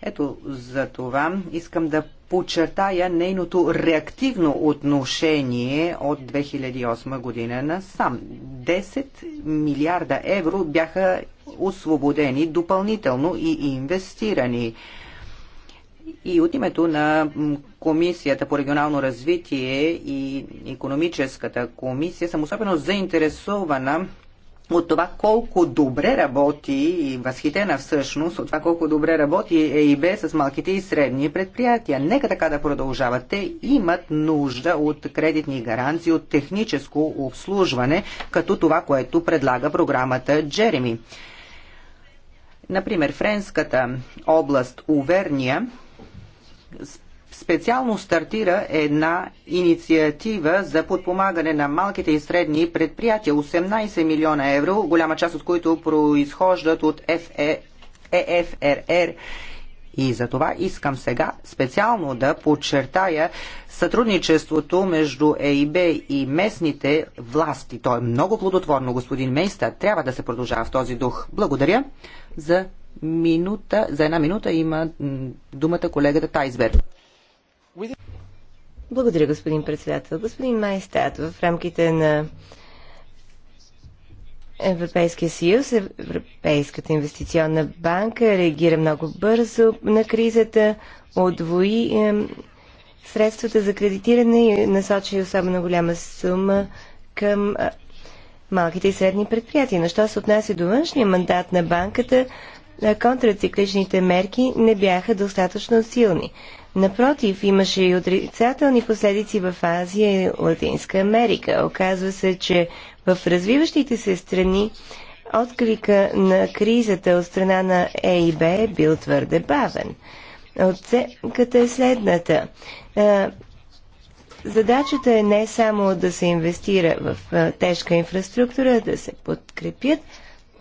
Ето за това искам да подчертая нейното реактивно отношение от 2008 година на сам. 10 милиарда евро бяха освободени допълнително и инвестирани. И от името на Комисията по регионално развитие и економическата комисия съм особено заинтересована от това колко добре работи и възхитена всъщност от това колко добре работи ЕИБ с малките и средни предприятия. Нека така да продължават. Те имат нужда от кредитни гаранции, от техническо обслужване, като това, което предлага програмата Джереми. Например, френската област Уверния специално стартира една инициатива за подпомагане на малките и средни предприятия. 18 милиона евро, голяма част от които произхождат от ЕФРР. Е и за това искам сега специално да подчертая сътрудничеството между ЕИБ и местните власти. То е много плодотворно, господин Мейста. Трябва да се продължава в този дух. Благодаря за минута, за една
минута има думата колегата Тайсберг. Благодаря, господин председател. Господин Майстат, в рамките на Европейския съюз, Европейската инвестиционна банка реагира много бързо на кризата, отвои средствата за кредитиране и насочи особено голяма сума към малките и средни предприятия. Но що се отнася до външния мандат на банката, контрацикличните мерки не бяха достатъчно силни. Напротив, имаше и отрицателни последици в Азия и Латинска Америка. Оказва се, че в развиващите се страни отклика на кризата от страна на е Б е бил твърде бавен. Оценката е следната. Задачата е не само да се инвестира в тежка инфраструктура, да се подкрепят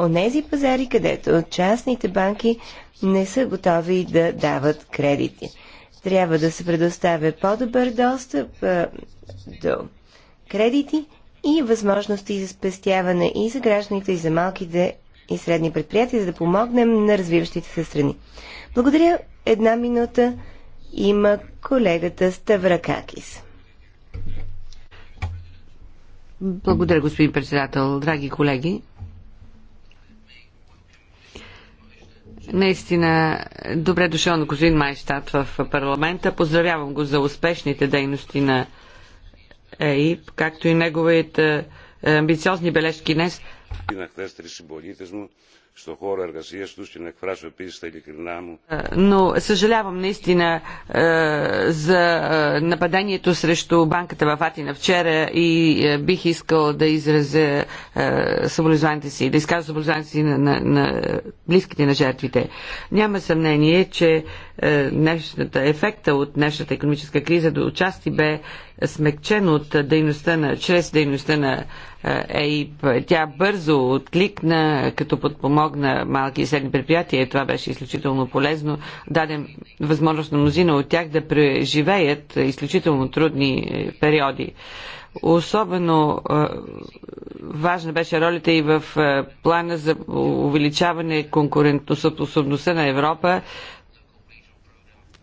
онези пазари, където частните банки не са готови да дават кредити. Трябва да се предоставя по-добър достъп а, до кредити и възможности за спестяване и за гражданите, и за малките и средни предприятия, за да помогнем на развиващите се страни. Благодаря. Една минута има колегата Ставракакис.
Благодаря, господин председател. Драги колеги, Наистина, добре дошъл на господин Майштат в парламента. Поздравявам го за успешните дейности на ЕИП, както и неговите е, амбициозни бележки днес στον χώρο εργασίας τους και να εκφράσω επίσης τα ειλικρινά μου. Но съжалявам наистина е, за е, нападението срещу банката в Атина вчера и е, бих искал да изразя съболезнованите си, да изказвам съболезнованите си на, на, на близките на жертвите. Няма съмнение, че ефекта от днешната економическа криза до отчасти бе смекчен от дейността на, чрез дейността на ЕИП. Тя бързо откликна, като подпомогна малки и средни предприятия и това беше изключително полезно. Даде възможност на мнозина от тях да преживеят изключително трудни е, периоди. Особено е, важна беше ролята и в е, плана за увеличаване конкурентоспособността на Европа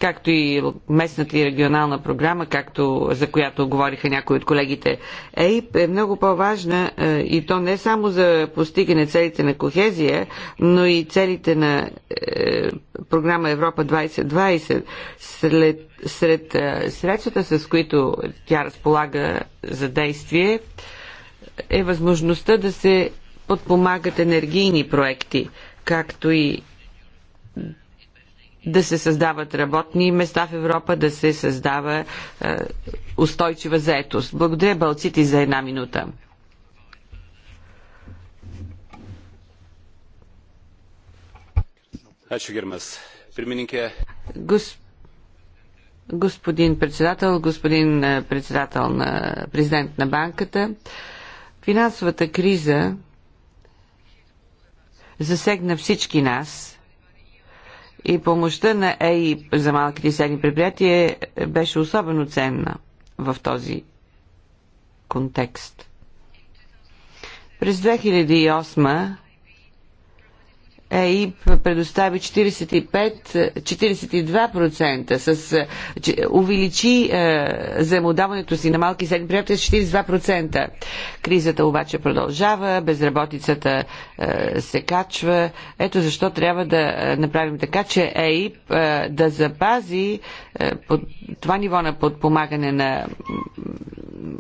както и местната и регионална програма, както за която говориха някои от колегите. ЕИП е много по-важна е, и то не само за постигане целите на кохезия, но и целите на е, програма Европа 2020. След, сред е, средствата, с които тя разполага за действие, е възможността да се подпомагат енергийни проекти, както и да се създават работни места в Европа, да се създава е, устойчива заетост. Благодаря Балцити за една минута. Господин председател, господин е, председател на президент на банката, финансовата криза засегна всички нас и помощта на ЕИ за малките и средни предприятия беше особено ценна в този контекст. През 2008 ЕИП предостави 45, 42% с, че, увеличи е, заемодаването си на малки и средни предприятия с 42%. Кризата обаче продължава, безработицата е, се качва. Ето защо трябва да е, направим така, че ЕИП е, да запази е, под, това ниво на подпомагане на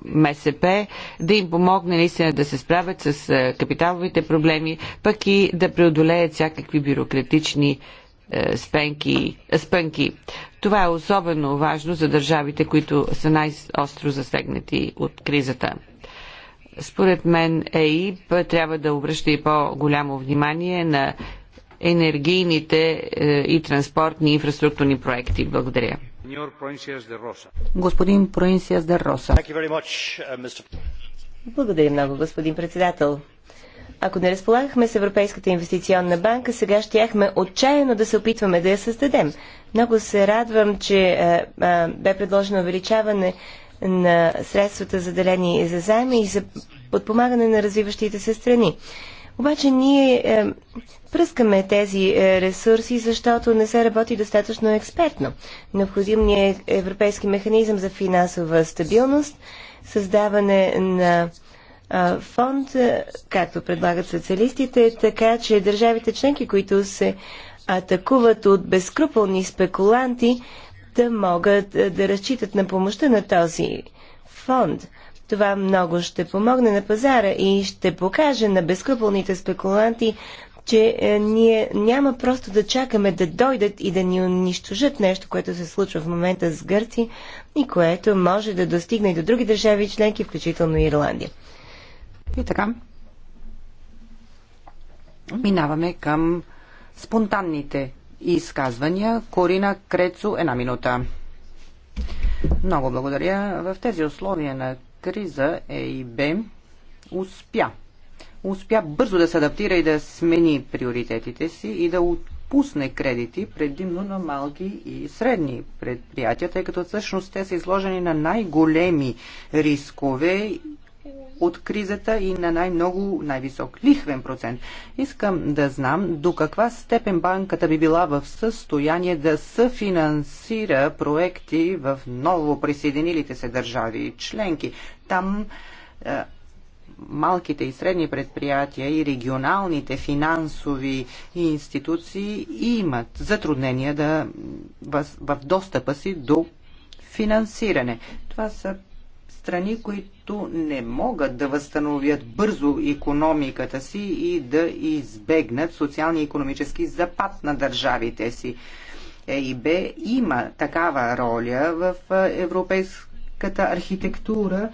МСП, да им помогне наистина да се справят с е, капиталовите проблеми, пък и да преодолеят всякакви бюрократични е, спенки, е, спънки. Това е особено важно за държавите, които са най-остро засегнати от кризата. Според мен ЕИП трябва да обръща и по-голямо внимание на енергийните е, и транспортни инфраструктурни проекти. Благодаря. Господин Проинсиас де
Роса. Благодаря много, господин председател. Ако не разполагахме с Европейската инвестиционна банка, сега щяхме отчаяно да се опитваме да я създадем. Много се радвам, че а, е, а, е, бе предложено увеличаване на средствата заделени за заеми и за подпомагане на развиващите се страни. Обаче ние е, пръскаме тези е, ресурси, защото не се работи достатъчно експертно. Необходим ни е европейски механизъм за финансова стабилност, създаване на фонд, както предлагат социалистите, така че държавите членки, които се атакуват от безкруполни спекуланти, да могат да разчитат на помощта на този фонд. Това много ще помогне на пазара и ще покаже на безкруполните спекуланти, че ние няма просто да чакаме да дойдат и да ни унищожат нещо, което се случва в момента с Гърци и което може да достигне и до други държави членки, включително Ирландия. И така.
Минаваме към спонтанните изказвания. Корина Крецо, една минута. Много благодаря. В тези условия на криза ЕИБ успя. Успя бързо да се адаптира и да смени приоритетите си и да отпусне кредити предимно на малки и средни предприятия, тъй като всъщност те са изложени на най-големи рискове от кризата и на най-много, най-висок лихвен процент. Искам да знам до каква степен банката би била в състояние да съфинансира проекти в ново присъединилите се държави членки. Там е, малките и средни предприятия и регионалните финансови институции имат затруднения да, в, в достъпа си до финансиране. Това са страни, които не могат да възстановят бързо економиката си и да избегнат социалния и економически запад на държавите си. ЕИБ има такава роля в е, европейската архитектура,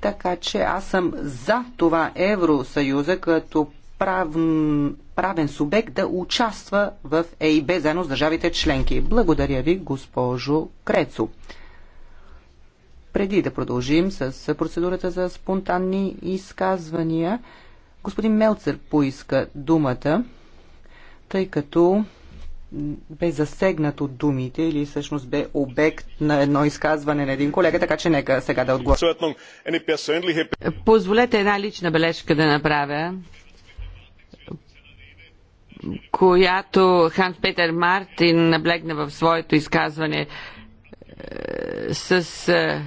така че аз съм за това Евросъюза като прав... правен субект да участва в ЕИБ заедно с държавите членки. Благодаря ви, госпожо Крецо. Преди да продължим с процедурата за спонтанни изказвания, господин Мелцер поиска думата, тъй като бе засегнат от думите или всъщност бе обект на едно изказване на един колега, така че нека сега
да отговори.
Позволете една лична бележка да направя която Ханс Петър Мартин наблегна в своето изказване е, с е,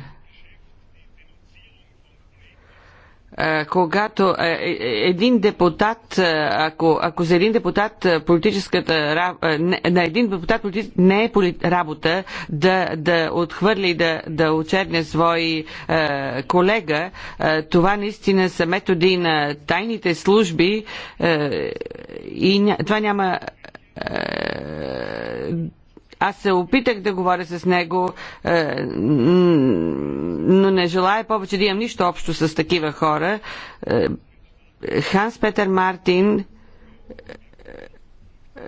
Е, когато е, е, един депутат, ако, ако за един депутат политическата на един депутат не е работа да, да отхвърли и да, да очерне свой колега, това наистина са методи на тайните служби и това няма аз се опитах да говоря с него, е, но не желая повече да имам нищо общо с такива хора. Е, Ханс Петър Мартин е,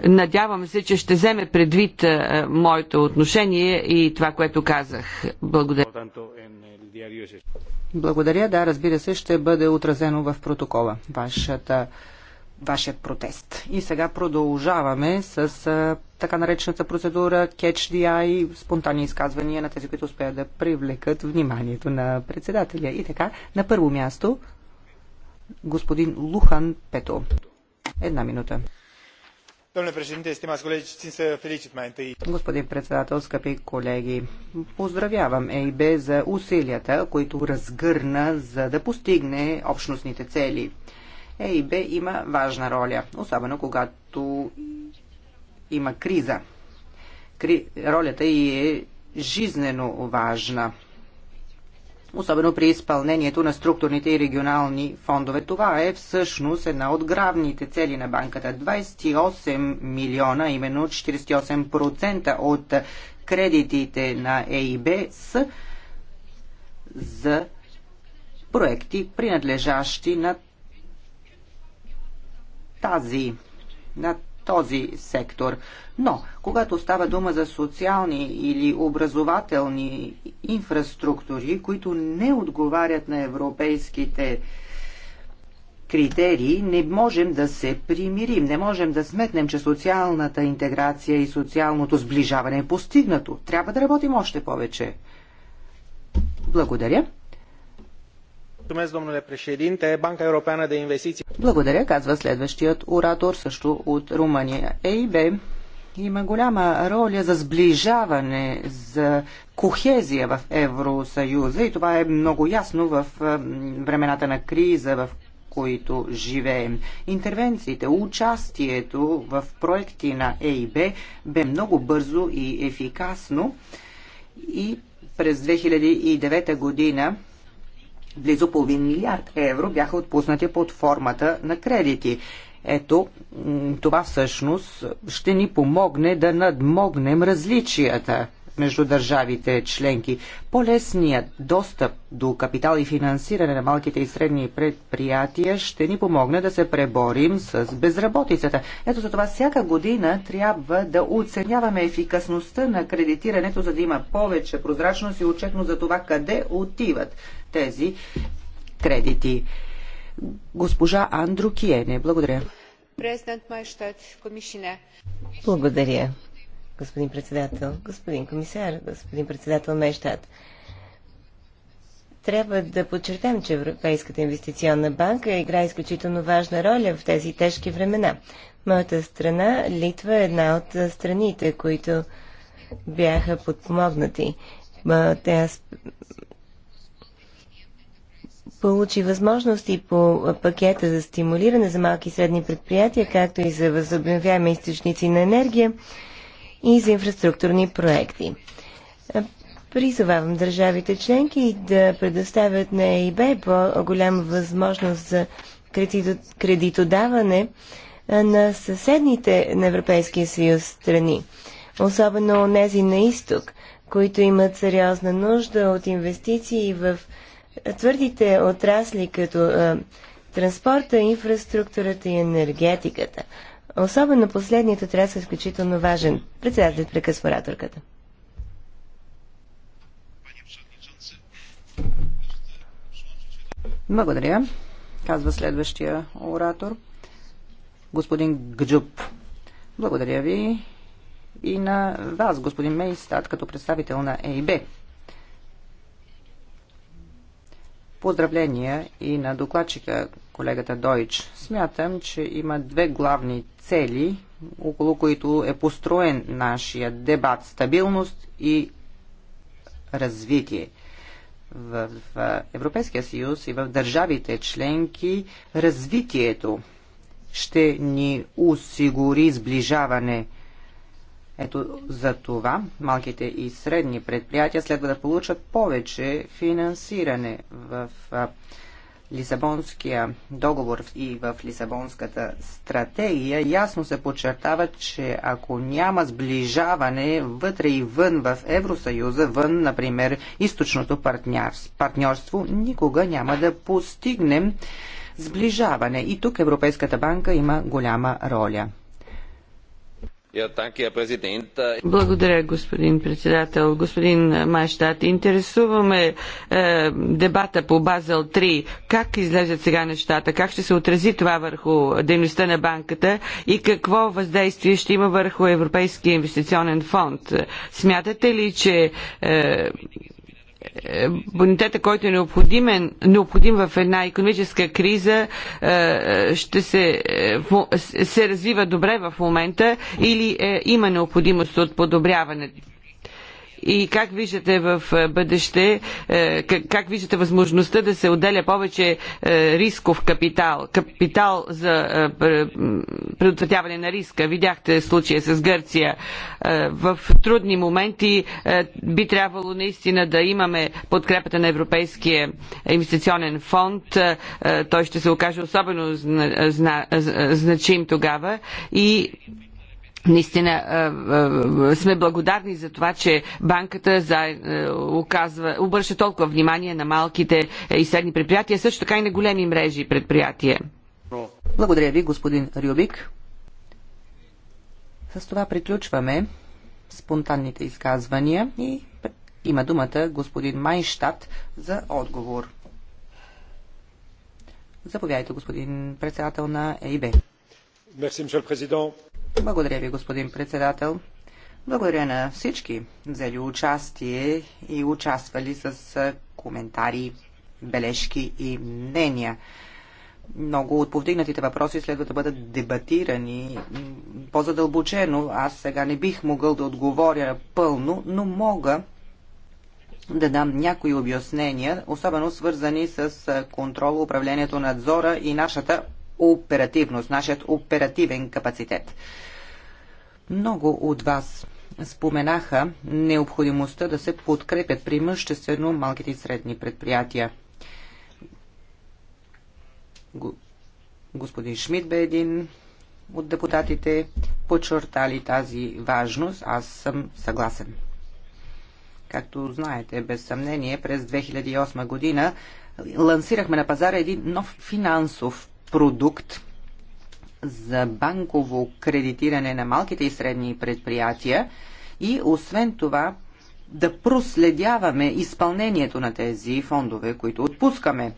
Надявам се, че ще вземе предвид моето отношение и това, което казах. Благодаря. Благодаря, да, разбира се, ще бъде отразено в протокола вашата
вашият протест. И сега продължаваме с а, така наречената процедура Catch the Eye, спонтанни изказвания на тези, които успеят да привлекат вниманието на председателя. И така, на първо място, господин Лухан Пето. Една минута. Господин председател, скъпи колеги, поздравявам ЕИБ за усилията, които разгърна, за да постигне общностните цели. ЕИБ има важна роля, особено когато има криза. Кри... Ролята й е жизнено важна. Особено при изпълнението на структурните и регионални фондове. Това е всъщност една от гравните цели на банката. 28 милиона, именно 48% от кредитите на ЕИБ са за проекти, принадлежащи на тази, на този сектор. Но, когато става дума за социални или образователни инфраструктури, които не отговарят на европейските критерии, не можем да се примирим, не можем да сметнем, че социалната интеграция и социалното сближаване е постигнато. Трябва да работим още повече. Благодаря. Банка европейна да инвестиции. Благодаря, казва следващият оратор, също от Румъния. ЕИБ има голяма роля за сближаване, за кохезия в Евросъюза и това е много ясно в времената на криза, в които живеем. Интервенциите, участието в проекти на ЕИБ бе много бързо и ефикасно и през 2009 година близо половин милиард евро бяха отпуснати под формата на кредити. Ето, това всъщност ще ни помогне да надмогнем различията между държавите членки. По-лесният достъп до капитал и финансиране на малките и средни предприятия ще ни помогне да се преборим с безработицата. Ето за това всяка година трябва да оценяваме ефикасността на кредитирането, за да има повече прозрачност и отчетност за това къде отиват тези кредити. Госпожа Андро Киене,
благодаря. Благодаря, господин председател, господин комисар, господин председател Мещат. Трябва да подчертаем, че Европейската инвестиционна банка играе изключително важна роля в тези тежки времена. Моята страна, Литва, е една от страните, които бяха подпомогнати. Тя получи възможности по пакета за стимулиране за малки и средни предприятия, както и за възобновяеми източници на енергия и за инфраструктурни проекти. Призовавам държавите членки да предоставят на ЕИБ по-голяма възможност за кредитодаване на съседните на Европейския съюз страни, особено нези на изток, които имат сериозна нужда от инвестиции в твърдите отрасли, като а, транспорта, инфраструктурата и енергетиката. Особено последният отрасъл е изключително важен. Председателят прекъсва ораторката.
Благодаря, казва следващия оратор, господин Гджуб. Благодаря ви и на вас, господин Мейстат, като представител на ЕИБ. Поздравления и на докладчика колегата Дойч. Смятам, че има две главни цели, около които е построен нашия дебат стабилност и развитие. В, в Европейския съюз и в държавите членки развитието ще ни осигури сближаване ето за това малките и средни предприятия следва да получат повече финансиране в Лисабонския договор и в Лисабонската стратегия ясно се подчертава, че ако няма сближаване вътре и вън в Евросъюза, вън, например, източното партньорство, никога няма да постигнем сближаване. И тук Европейската
банка има голяма роля. Благодаря, господин председател. Господин Майштат, интересуваме е, дебата по Базел 3. Как излежат сега нещата? Как ще се отрази това върху дейността на банката и какво въздействие ще има върху Европейския инвестиционен фонд? Смятате ли, че е, бонитета, който е необходим, необходим в една економическа криза, е, ще се, е, се развива добре в момента или е, има необходимост от подобряването и как виждате в е, бъдеще, е, как, виждате възможността да се отделя повече е, рисков капитал, капитал за предотвратяване на риска. Видяхте случая с Гърция. В трудни моменти би трябвало наистина да имаме подкрепата на Европейския инвестиционен фонд. Той ще се окаже особено значим тогава и Наистина сме благодарни за това, че банката за, е, оказва, обръща толкова внимание на малките е, и средни предприятия, също така и на големи мрежи предприятия. Благодаря ви, господин Рюбик.
С това приключваме спонтанните изказвания и има думата господин Майнштадт за отговор. Заповядайте, господин председател на ЕИБ.
Мерси, президент.
Благодаря ви, господин председател. Благодаря на всички, взели участие и участвали с коментари, бележки и мнения. Много от повдигнатите въпроси следва да бъдат дебатирани по-задълбочено. Аз сега не бих могъл да отговоря пълно, но мога да дам някои обяснения, особено свързани с контрол, управлението, надзора и нашата оперативност, нашият оперативен капацитет. Много от вас споменаха необходимостта да се подкрепят преимъществено малките и средни предприятия. Господин Шмидт бе един от депутатите, подчертали тази важност. Аз съм съгласен. Както знаете, без съмнение, през 2008 година лансирахме на пазара един нов финансов продукт за банково кредитиране на малките и средни предприятия и освен това да проследяваме изпълнението на тези фондове, които отпускаме.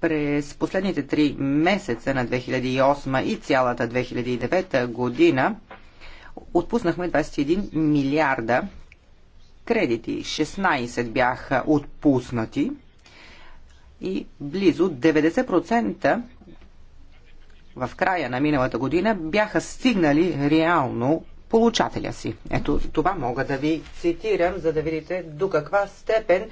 През последните три месеца на 2008 и цялата 2009 година отпуснахме 21 милиарда кредити. 16 бяха отпуснати и близо 90% в края на миналата година бяха стигнали реално получателя си. Ето това мога да ви цитирам, за да видите до каква степен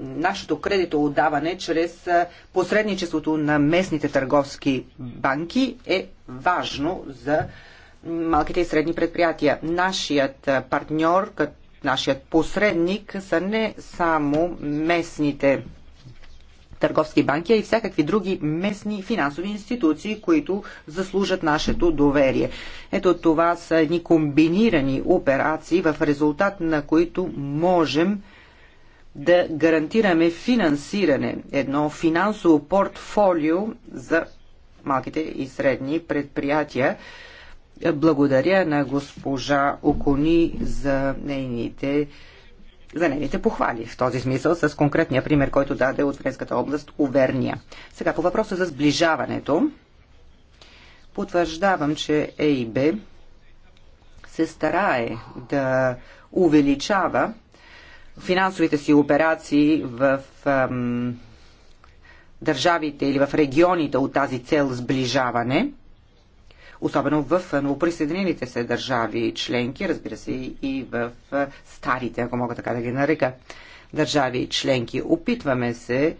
нашето кредито отдаване чрез посредничеството на местните търговски банки е важно за малките и средни предприятия. Нашият партньор, нашият посредник са не само местните търговски банки, а и всякакви други местни финансови институции, които заслужат нашето доверие. Ето това са едни комбинирани операции, в резултат на които можем да гарантираме финансиране, едно финансово портфолио за малките и средни предприятия. Благодаря на госпожа Окони за нейните за нейните похвали. В този смисъл с конкретния пример, който даде от Френската област Уверния. Сега по въпроса за сближаването. Потвърждавам, че ЕИБ се старае да увеличава финансовите си операции в държавите или в регионите от тази цел сближаване – особено в новоприсъединените се държави и членки, разбира се и в старите, ако мога така да ги нарека, държави и членки. Опитваме се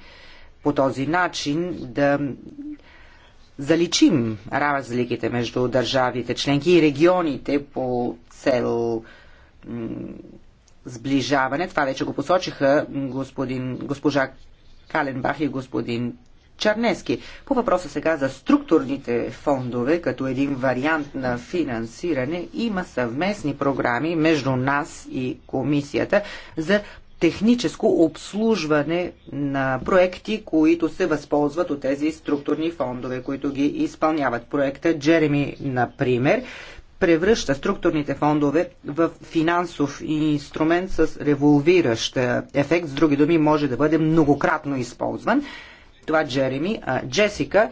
по този начин да заличим разликите между държавите членки и регионите по цел сближаване. Това вече го посочиха господин, госпожа Каленбах и господин Чарнески. По въпроса сега за структурните фондове, като един вариант на финансиране, има съвместни програми между нас и комисията за техническо обслужване на проекти, които се възползват от тези структурни фондове, които ги изпълняват. Проекта Джереми, например, превръща структурните фондове в финансов инструмент с револвиращ ефект, с други думи може да бъде многократно използван това Джереми, а Джесика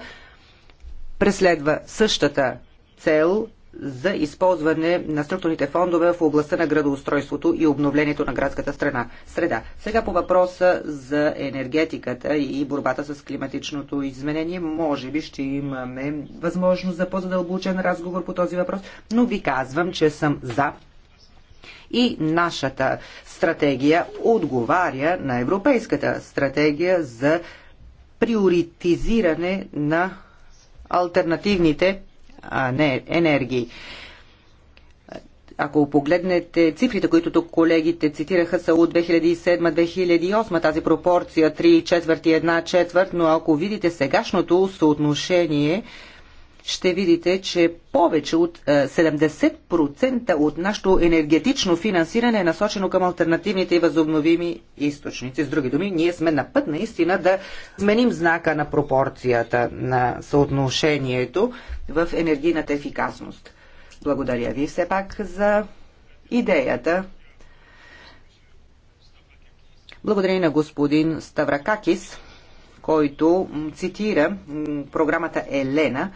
преследва същата цел за използване на структурните фондове в областта на градоустройството и обновлението на градската страна. Среда. Сега по въпроса за енергетиката и борбата с климатичното изменение. Може би ще имаме възможност за по-задълбочен разговор по този въпрос, но ви казвам, че съм за и нашата стратегия отговаря на европейската стратегия за приоритизиране на альтернативните а не, енергии. Ако погледнете цифрите, които тук колегите цитираха, са от 2007-2008, тази пропорция 3 четвърти, 1 четвърт, но ако видите сегашното съотношение, ще видите, че повече от 70% е, от нашето енергетично финансиране е насочено към альтернативните и възобновими източници. С други думи, ние сме на път наистина да сменим знака на пропорцията на съотношението в енергийната ефикасност. Благодаря ви все пак за идеята. Благодаря и на господин Ставракакис, който цитира програмата Елена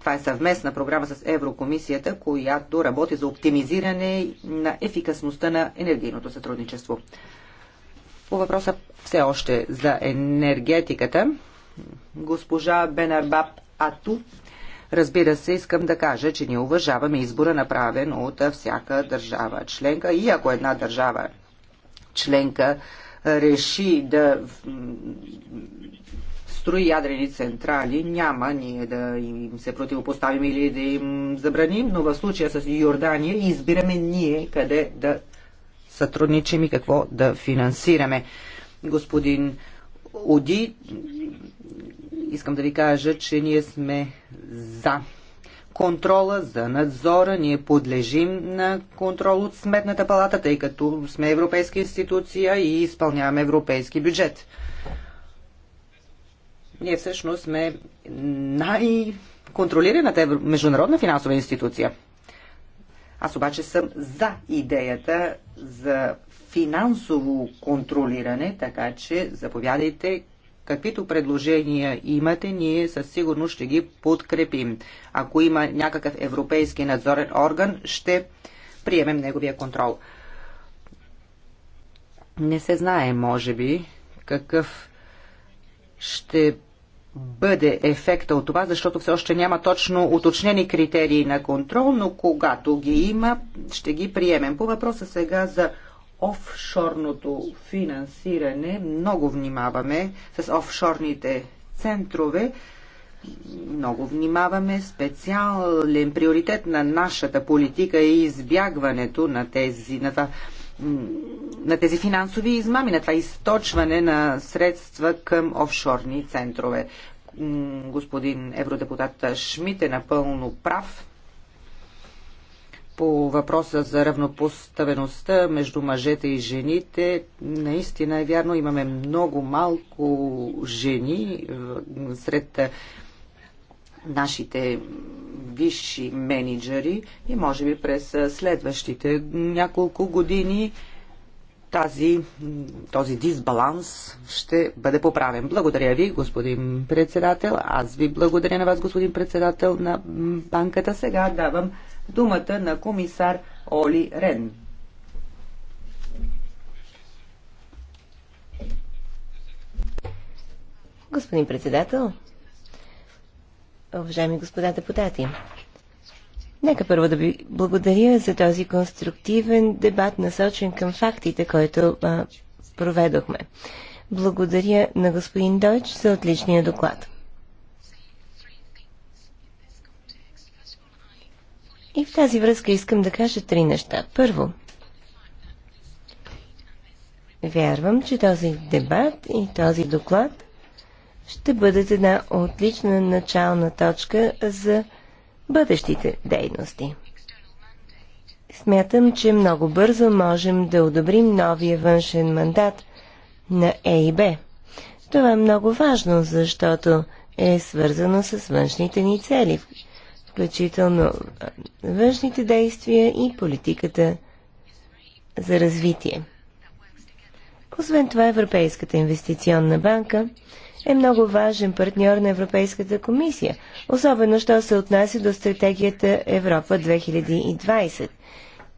това е съвместна програма с Еврокомисията, която работи за оптимизиране на ефикасността на енергийното сътрудничество. По въпроса все още за енергетиката, госпожа Бенарбаб Ату Разбира се, искам да кажа, че ние уважаваме избора направен от всяка държава членка и ако една държава членка реши да строи ядрени централи. Няма ние да им се противопоставим или да им забраним, но в случая с Йордания избираме ние къде да сътрудничим и какво да финансираме. Господин Оди, искам да ви кажа, че ние сме за контрола, за надзора. Ние подлежим на контрол от Сметната палата, тъй като сме европейска институция и изпълняваме европейски бюджет. Ние всъщност сме най-контролираната международна финансова институция. Аз обаче съм за идеята за финансово контролиране, така че заповядайте каквито предложения имате, ние със сигурност ще ги подкрепим. Ако има някакъв европейски надзорен орган, ще приемем неговия контрол. Не се знае, може би, какъв ще бъде ефекта от това, защото все още няма точно уточнени критерии на контрол, но когато ги има, ще ги приемем. По въпроса сега за офшорното финансиране, много внимаваме с офшорните центрове, много внимаваме специален приоритет на нашата политика и е избягването на тези, на това на тези финансови измами, на това източване на средства към офшорни центрове. Господин евродепутат Шмидт е напълно прав по въпроса за равнопоставеността между мъжете и жените. Наистина е вярно, имаме много малко жени сред нашите висши менеджери и може би през следващите няколко години тази, този дисбаланс ще бъде поправен. Благодаря ви, господин председател. Аз ви благодаря на вас, господин председател на банката. Сега давам думата на комисар Оли Рен.
Господин председател, уважаеми господа депутати. Нека първо да ви благодаря за този конструктивен дебат, насочен към фактите, който а, проведохме. Благодаря на господин Дойч за отличния доклад. И в тази връзка искам да кажа три неща. Първо, вярвам, че този дебат и този доклад ще бъдат една отлична начална точка за бъдещите дейности. Смятам, че много бързо можем да одобрим новия външен мандат на ЕИБ. Това е много важно, защото е свързано с външните ни цели, включително външните действия и политиката за развитие. Освен това, Европейската инвестиционна банка е много важен партньор на Европейската комисия, особено що се отнася до стратегията Европа 2020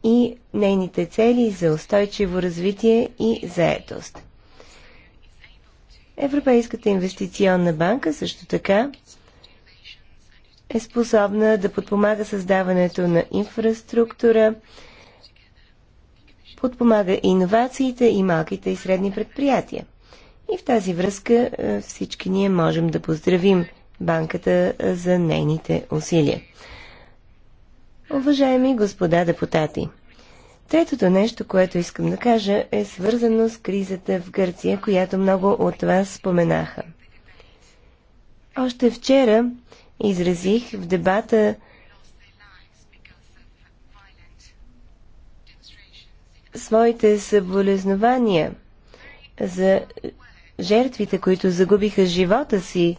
и нейните цели за устойчиво развитие и заетост. Европейската инвестиционна банка също така е способна да подпомага създаването на инфраструктура, подпомага иновациите и малките и средни предприятия. И в тази връзка е, всички ние можем да поздравим банката е, за нейните усилия. Уважаеми господа депутати, третото нещо, което искам да кажа, е свързано с кризата в Гърция, която много от вас споменаха. Още вчера изразих в дебата своите съболезнования за жертвите, които загубиха живота си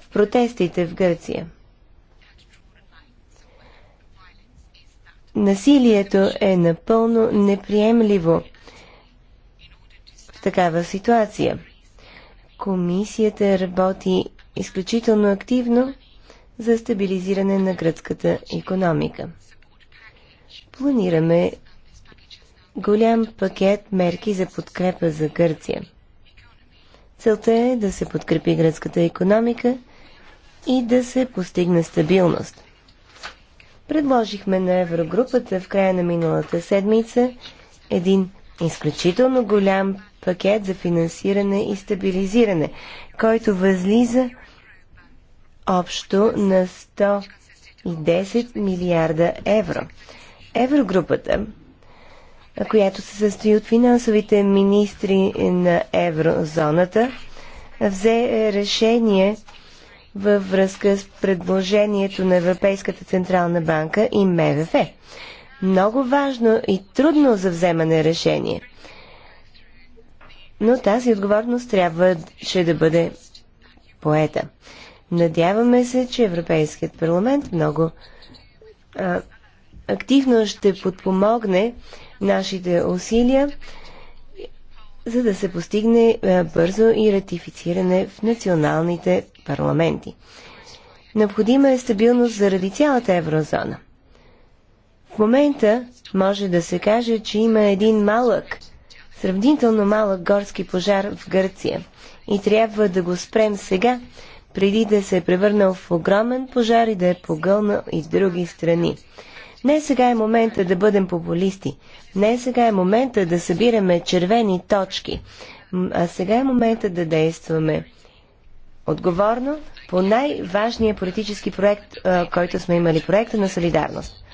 в протестите в Гърция. Насилието е напълно неприемливо в такава ситуация. Комисията работи изключително активно за стабилизиране на гръцката економика. Планираме голям пакет мерки за подкрепа за Гърция. Целта е да се подкрепи гръцката економика и да се постигне стабилност. Предложихме на Еврогрупата в края на миналата седмица един изключително голям пакет за финансиране и стабилизиране, който възлиза общо на 110 милиарда евро. Еврогрупата която се състои от финансовите министри на еврозоната, взе решение във връзка с предложението на Европейската Централна банка и МВФ. Много важно и трудно за вземане решение. Но тази отговорност трябваше да бъде поета. Надяваме се, че Европейският парламент много а, активно ще подпомогне нашите усилия, за да се постигне е, бързо и ратифициране в националните парламенти. Необходима е стабилност заради цялата еврозона. В момента може да се каже, че има един малък, сравнително малък горски пожар в Гърция и трябва да го спрем сега, преди да се е превърнал в огромен пожар и да е погълнал и други страни. Не сега е момента да бъдем популисти. Не сега е момента да събираме червени точки. А сега е момента да действаме отговорно по най-важния политически проект, който сме имали, проекта на солидарност.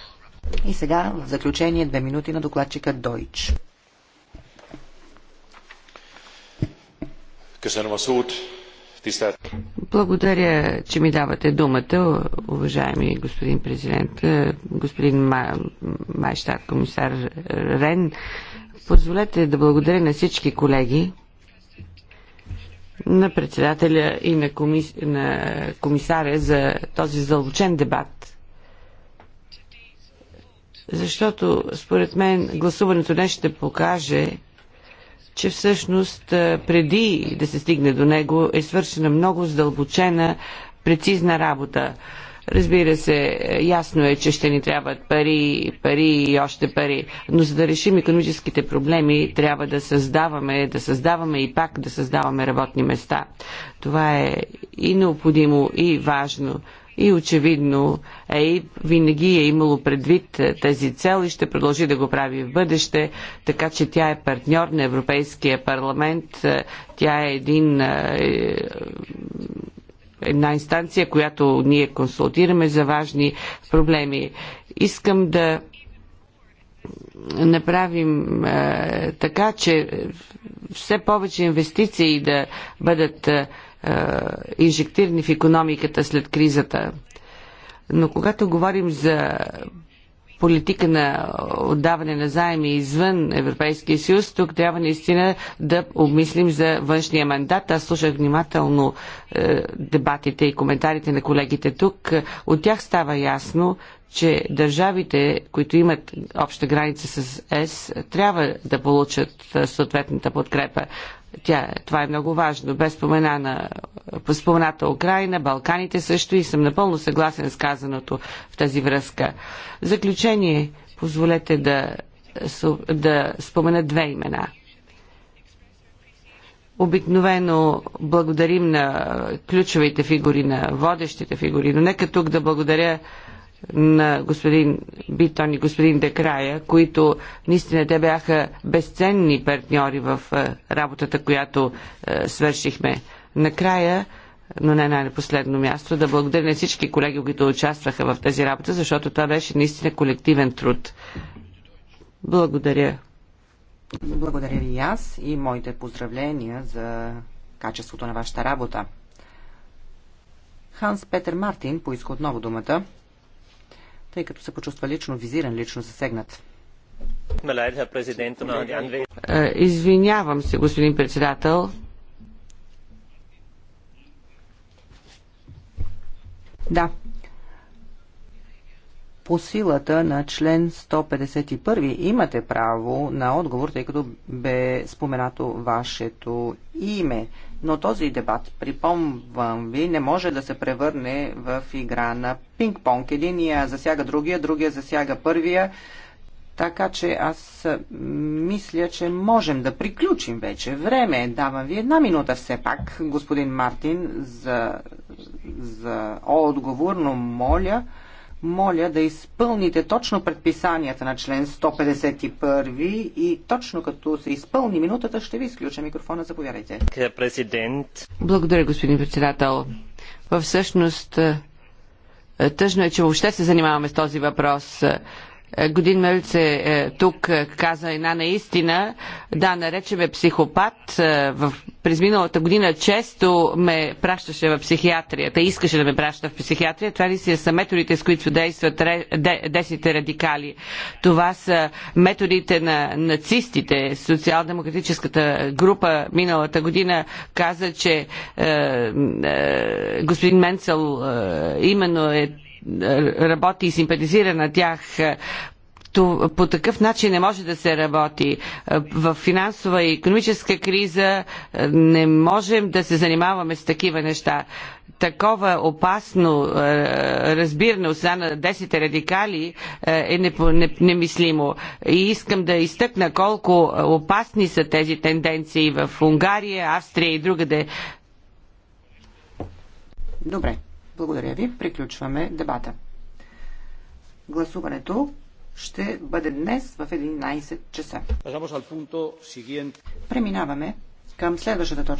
И сега в заключение
две минути на докладчика Дойч.
Köszönöm a благодаря, че ми давате думата, уважаеми господин президент, господин Майштат, комисар Рен. Позволете да благодаря на всички колеги, на председателя и на, комис... на комисаря за този задълбочен дебат. Защото, според мен, гласуването днес ще покаже, че всъщност преди да се стигне до него е свършена много задълбочена, прецизна работа. Разбира се, ясно е, че ще ни трябват пари, пари и още пари, но за да решим економическите проблеми, трябва да създаваме, да създаваме и пак да създаваме работни места. Това е и необходимо, и важно и очевидно ЕИП винаги е имало предвид е, тези цел и ще продължи да го прави в бъдеще, така че тя е партньор на Европейския парламент. Е, тя е един е, една инстанция, която ние консултираме за важни проблеми. Искам да направим е, така, че все повече инвестиции да бъдат е, инжектирани в економиката след кризата. Но когато говорим за политика на отдаване на заеми извън Европейския съюз, тук трябва наистина да обмислим за външния мандат. Аз слушах внимателно е, дебатите и коментарите на колегите тук. От тях става ясно, че държавите, които имат обща граница с ЕС, трябва да получат е, съответната подкрепа. Тя, това е много важно. Без спомена на спомената Украина, Балканите също и съм напълно съгласен с казаното в тази връзка. В заключение, позволете да, да спомена две имена. Обикновено благодарим на ключовите фигури, на водещите фигури, но нека тук да благодаря на господин Битон и господин Декрая, които наистина те бяха безценни партньори в е, работата, която е, свършихме. Накрая, но не най последно място, да благодаря на всички колеги, които участваха в тази работа, защото това беше наистина колективен труд. Благодаря.
Благодаря ви и аз и моите поздравления за качеството на вашата работа. Ханс Петър Мартин
поиска отново думата тъй като се почувства лично визиран, лично засегнат. Е, извинявам се, господин председател. Да.
По силата на член 151 имате право на отговор, тъй като бе споменато вашето име. Но този дебат, припомвам ви, не може да се превърне в игра на пинг-понг. Единия засяга другия, другия засяга първия. Така че аз мисля, че можем да приключим вече. Време е. Давам ви една минута все пак, господин Мартин, за, за отговор, но моля моля да изпълните точно предписанията на член 151 и точно като се изпълни минутата ще ви изключа микрофона. Заповядайте.
Президент.
Благодаря, господин председател. Всъщност, е, тъжно е, че въобще се занимаваме с този въпрос е, Годин Мелице, е, тук е, каза една наистина. Да, наречеме психопат. В, през миналата година често ме пращаше в психиатрията. Искаше да ме праща в психиатрия. Това ли си са методите, с които действат ре, десните радикали? Това са методите на нацистите. Социал-демократическата група миналата година каза, че е, е, господин Менцел е, именно е работи и симпатизира на тях е, то по такъв начин не може да се работи. Е, в финансова и економическа криза е, не можем да се занимаваме с такива неща. Такова опасно разбиране от страна на 10 радикали е немислимо. И искам да изтъкна колко опасни са тези тенденции в Унгария, Австрия и другаде. Добре.
Благодаря ви. Приключваме дебата. Гласуването ще бъде днес в
11 часа.
Преминаваме
към следващата точка.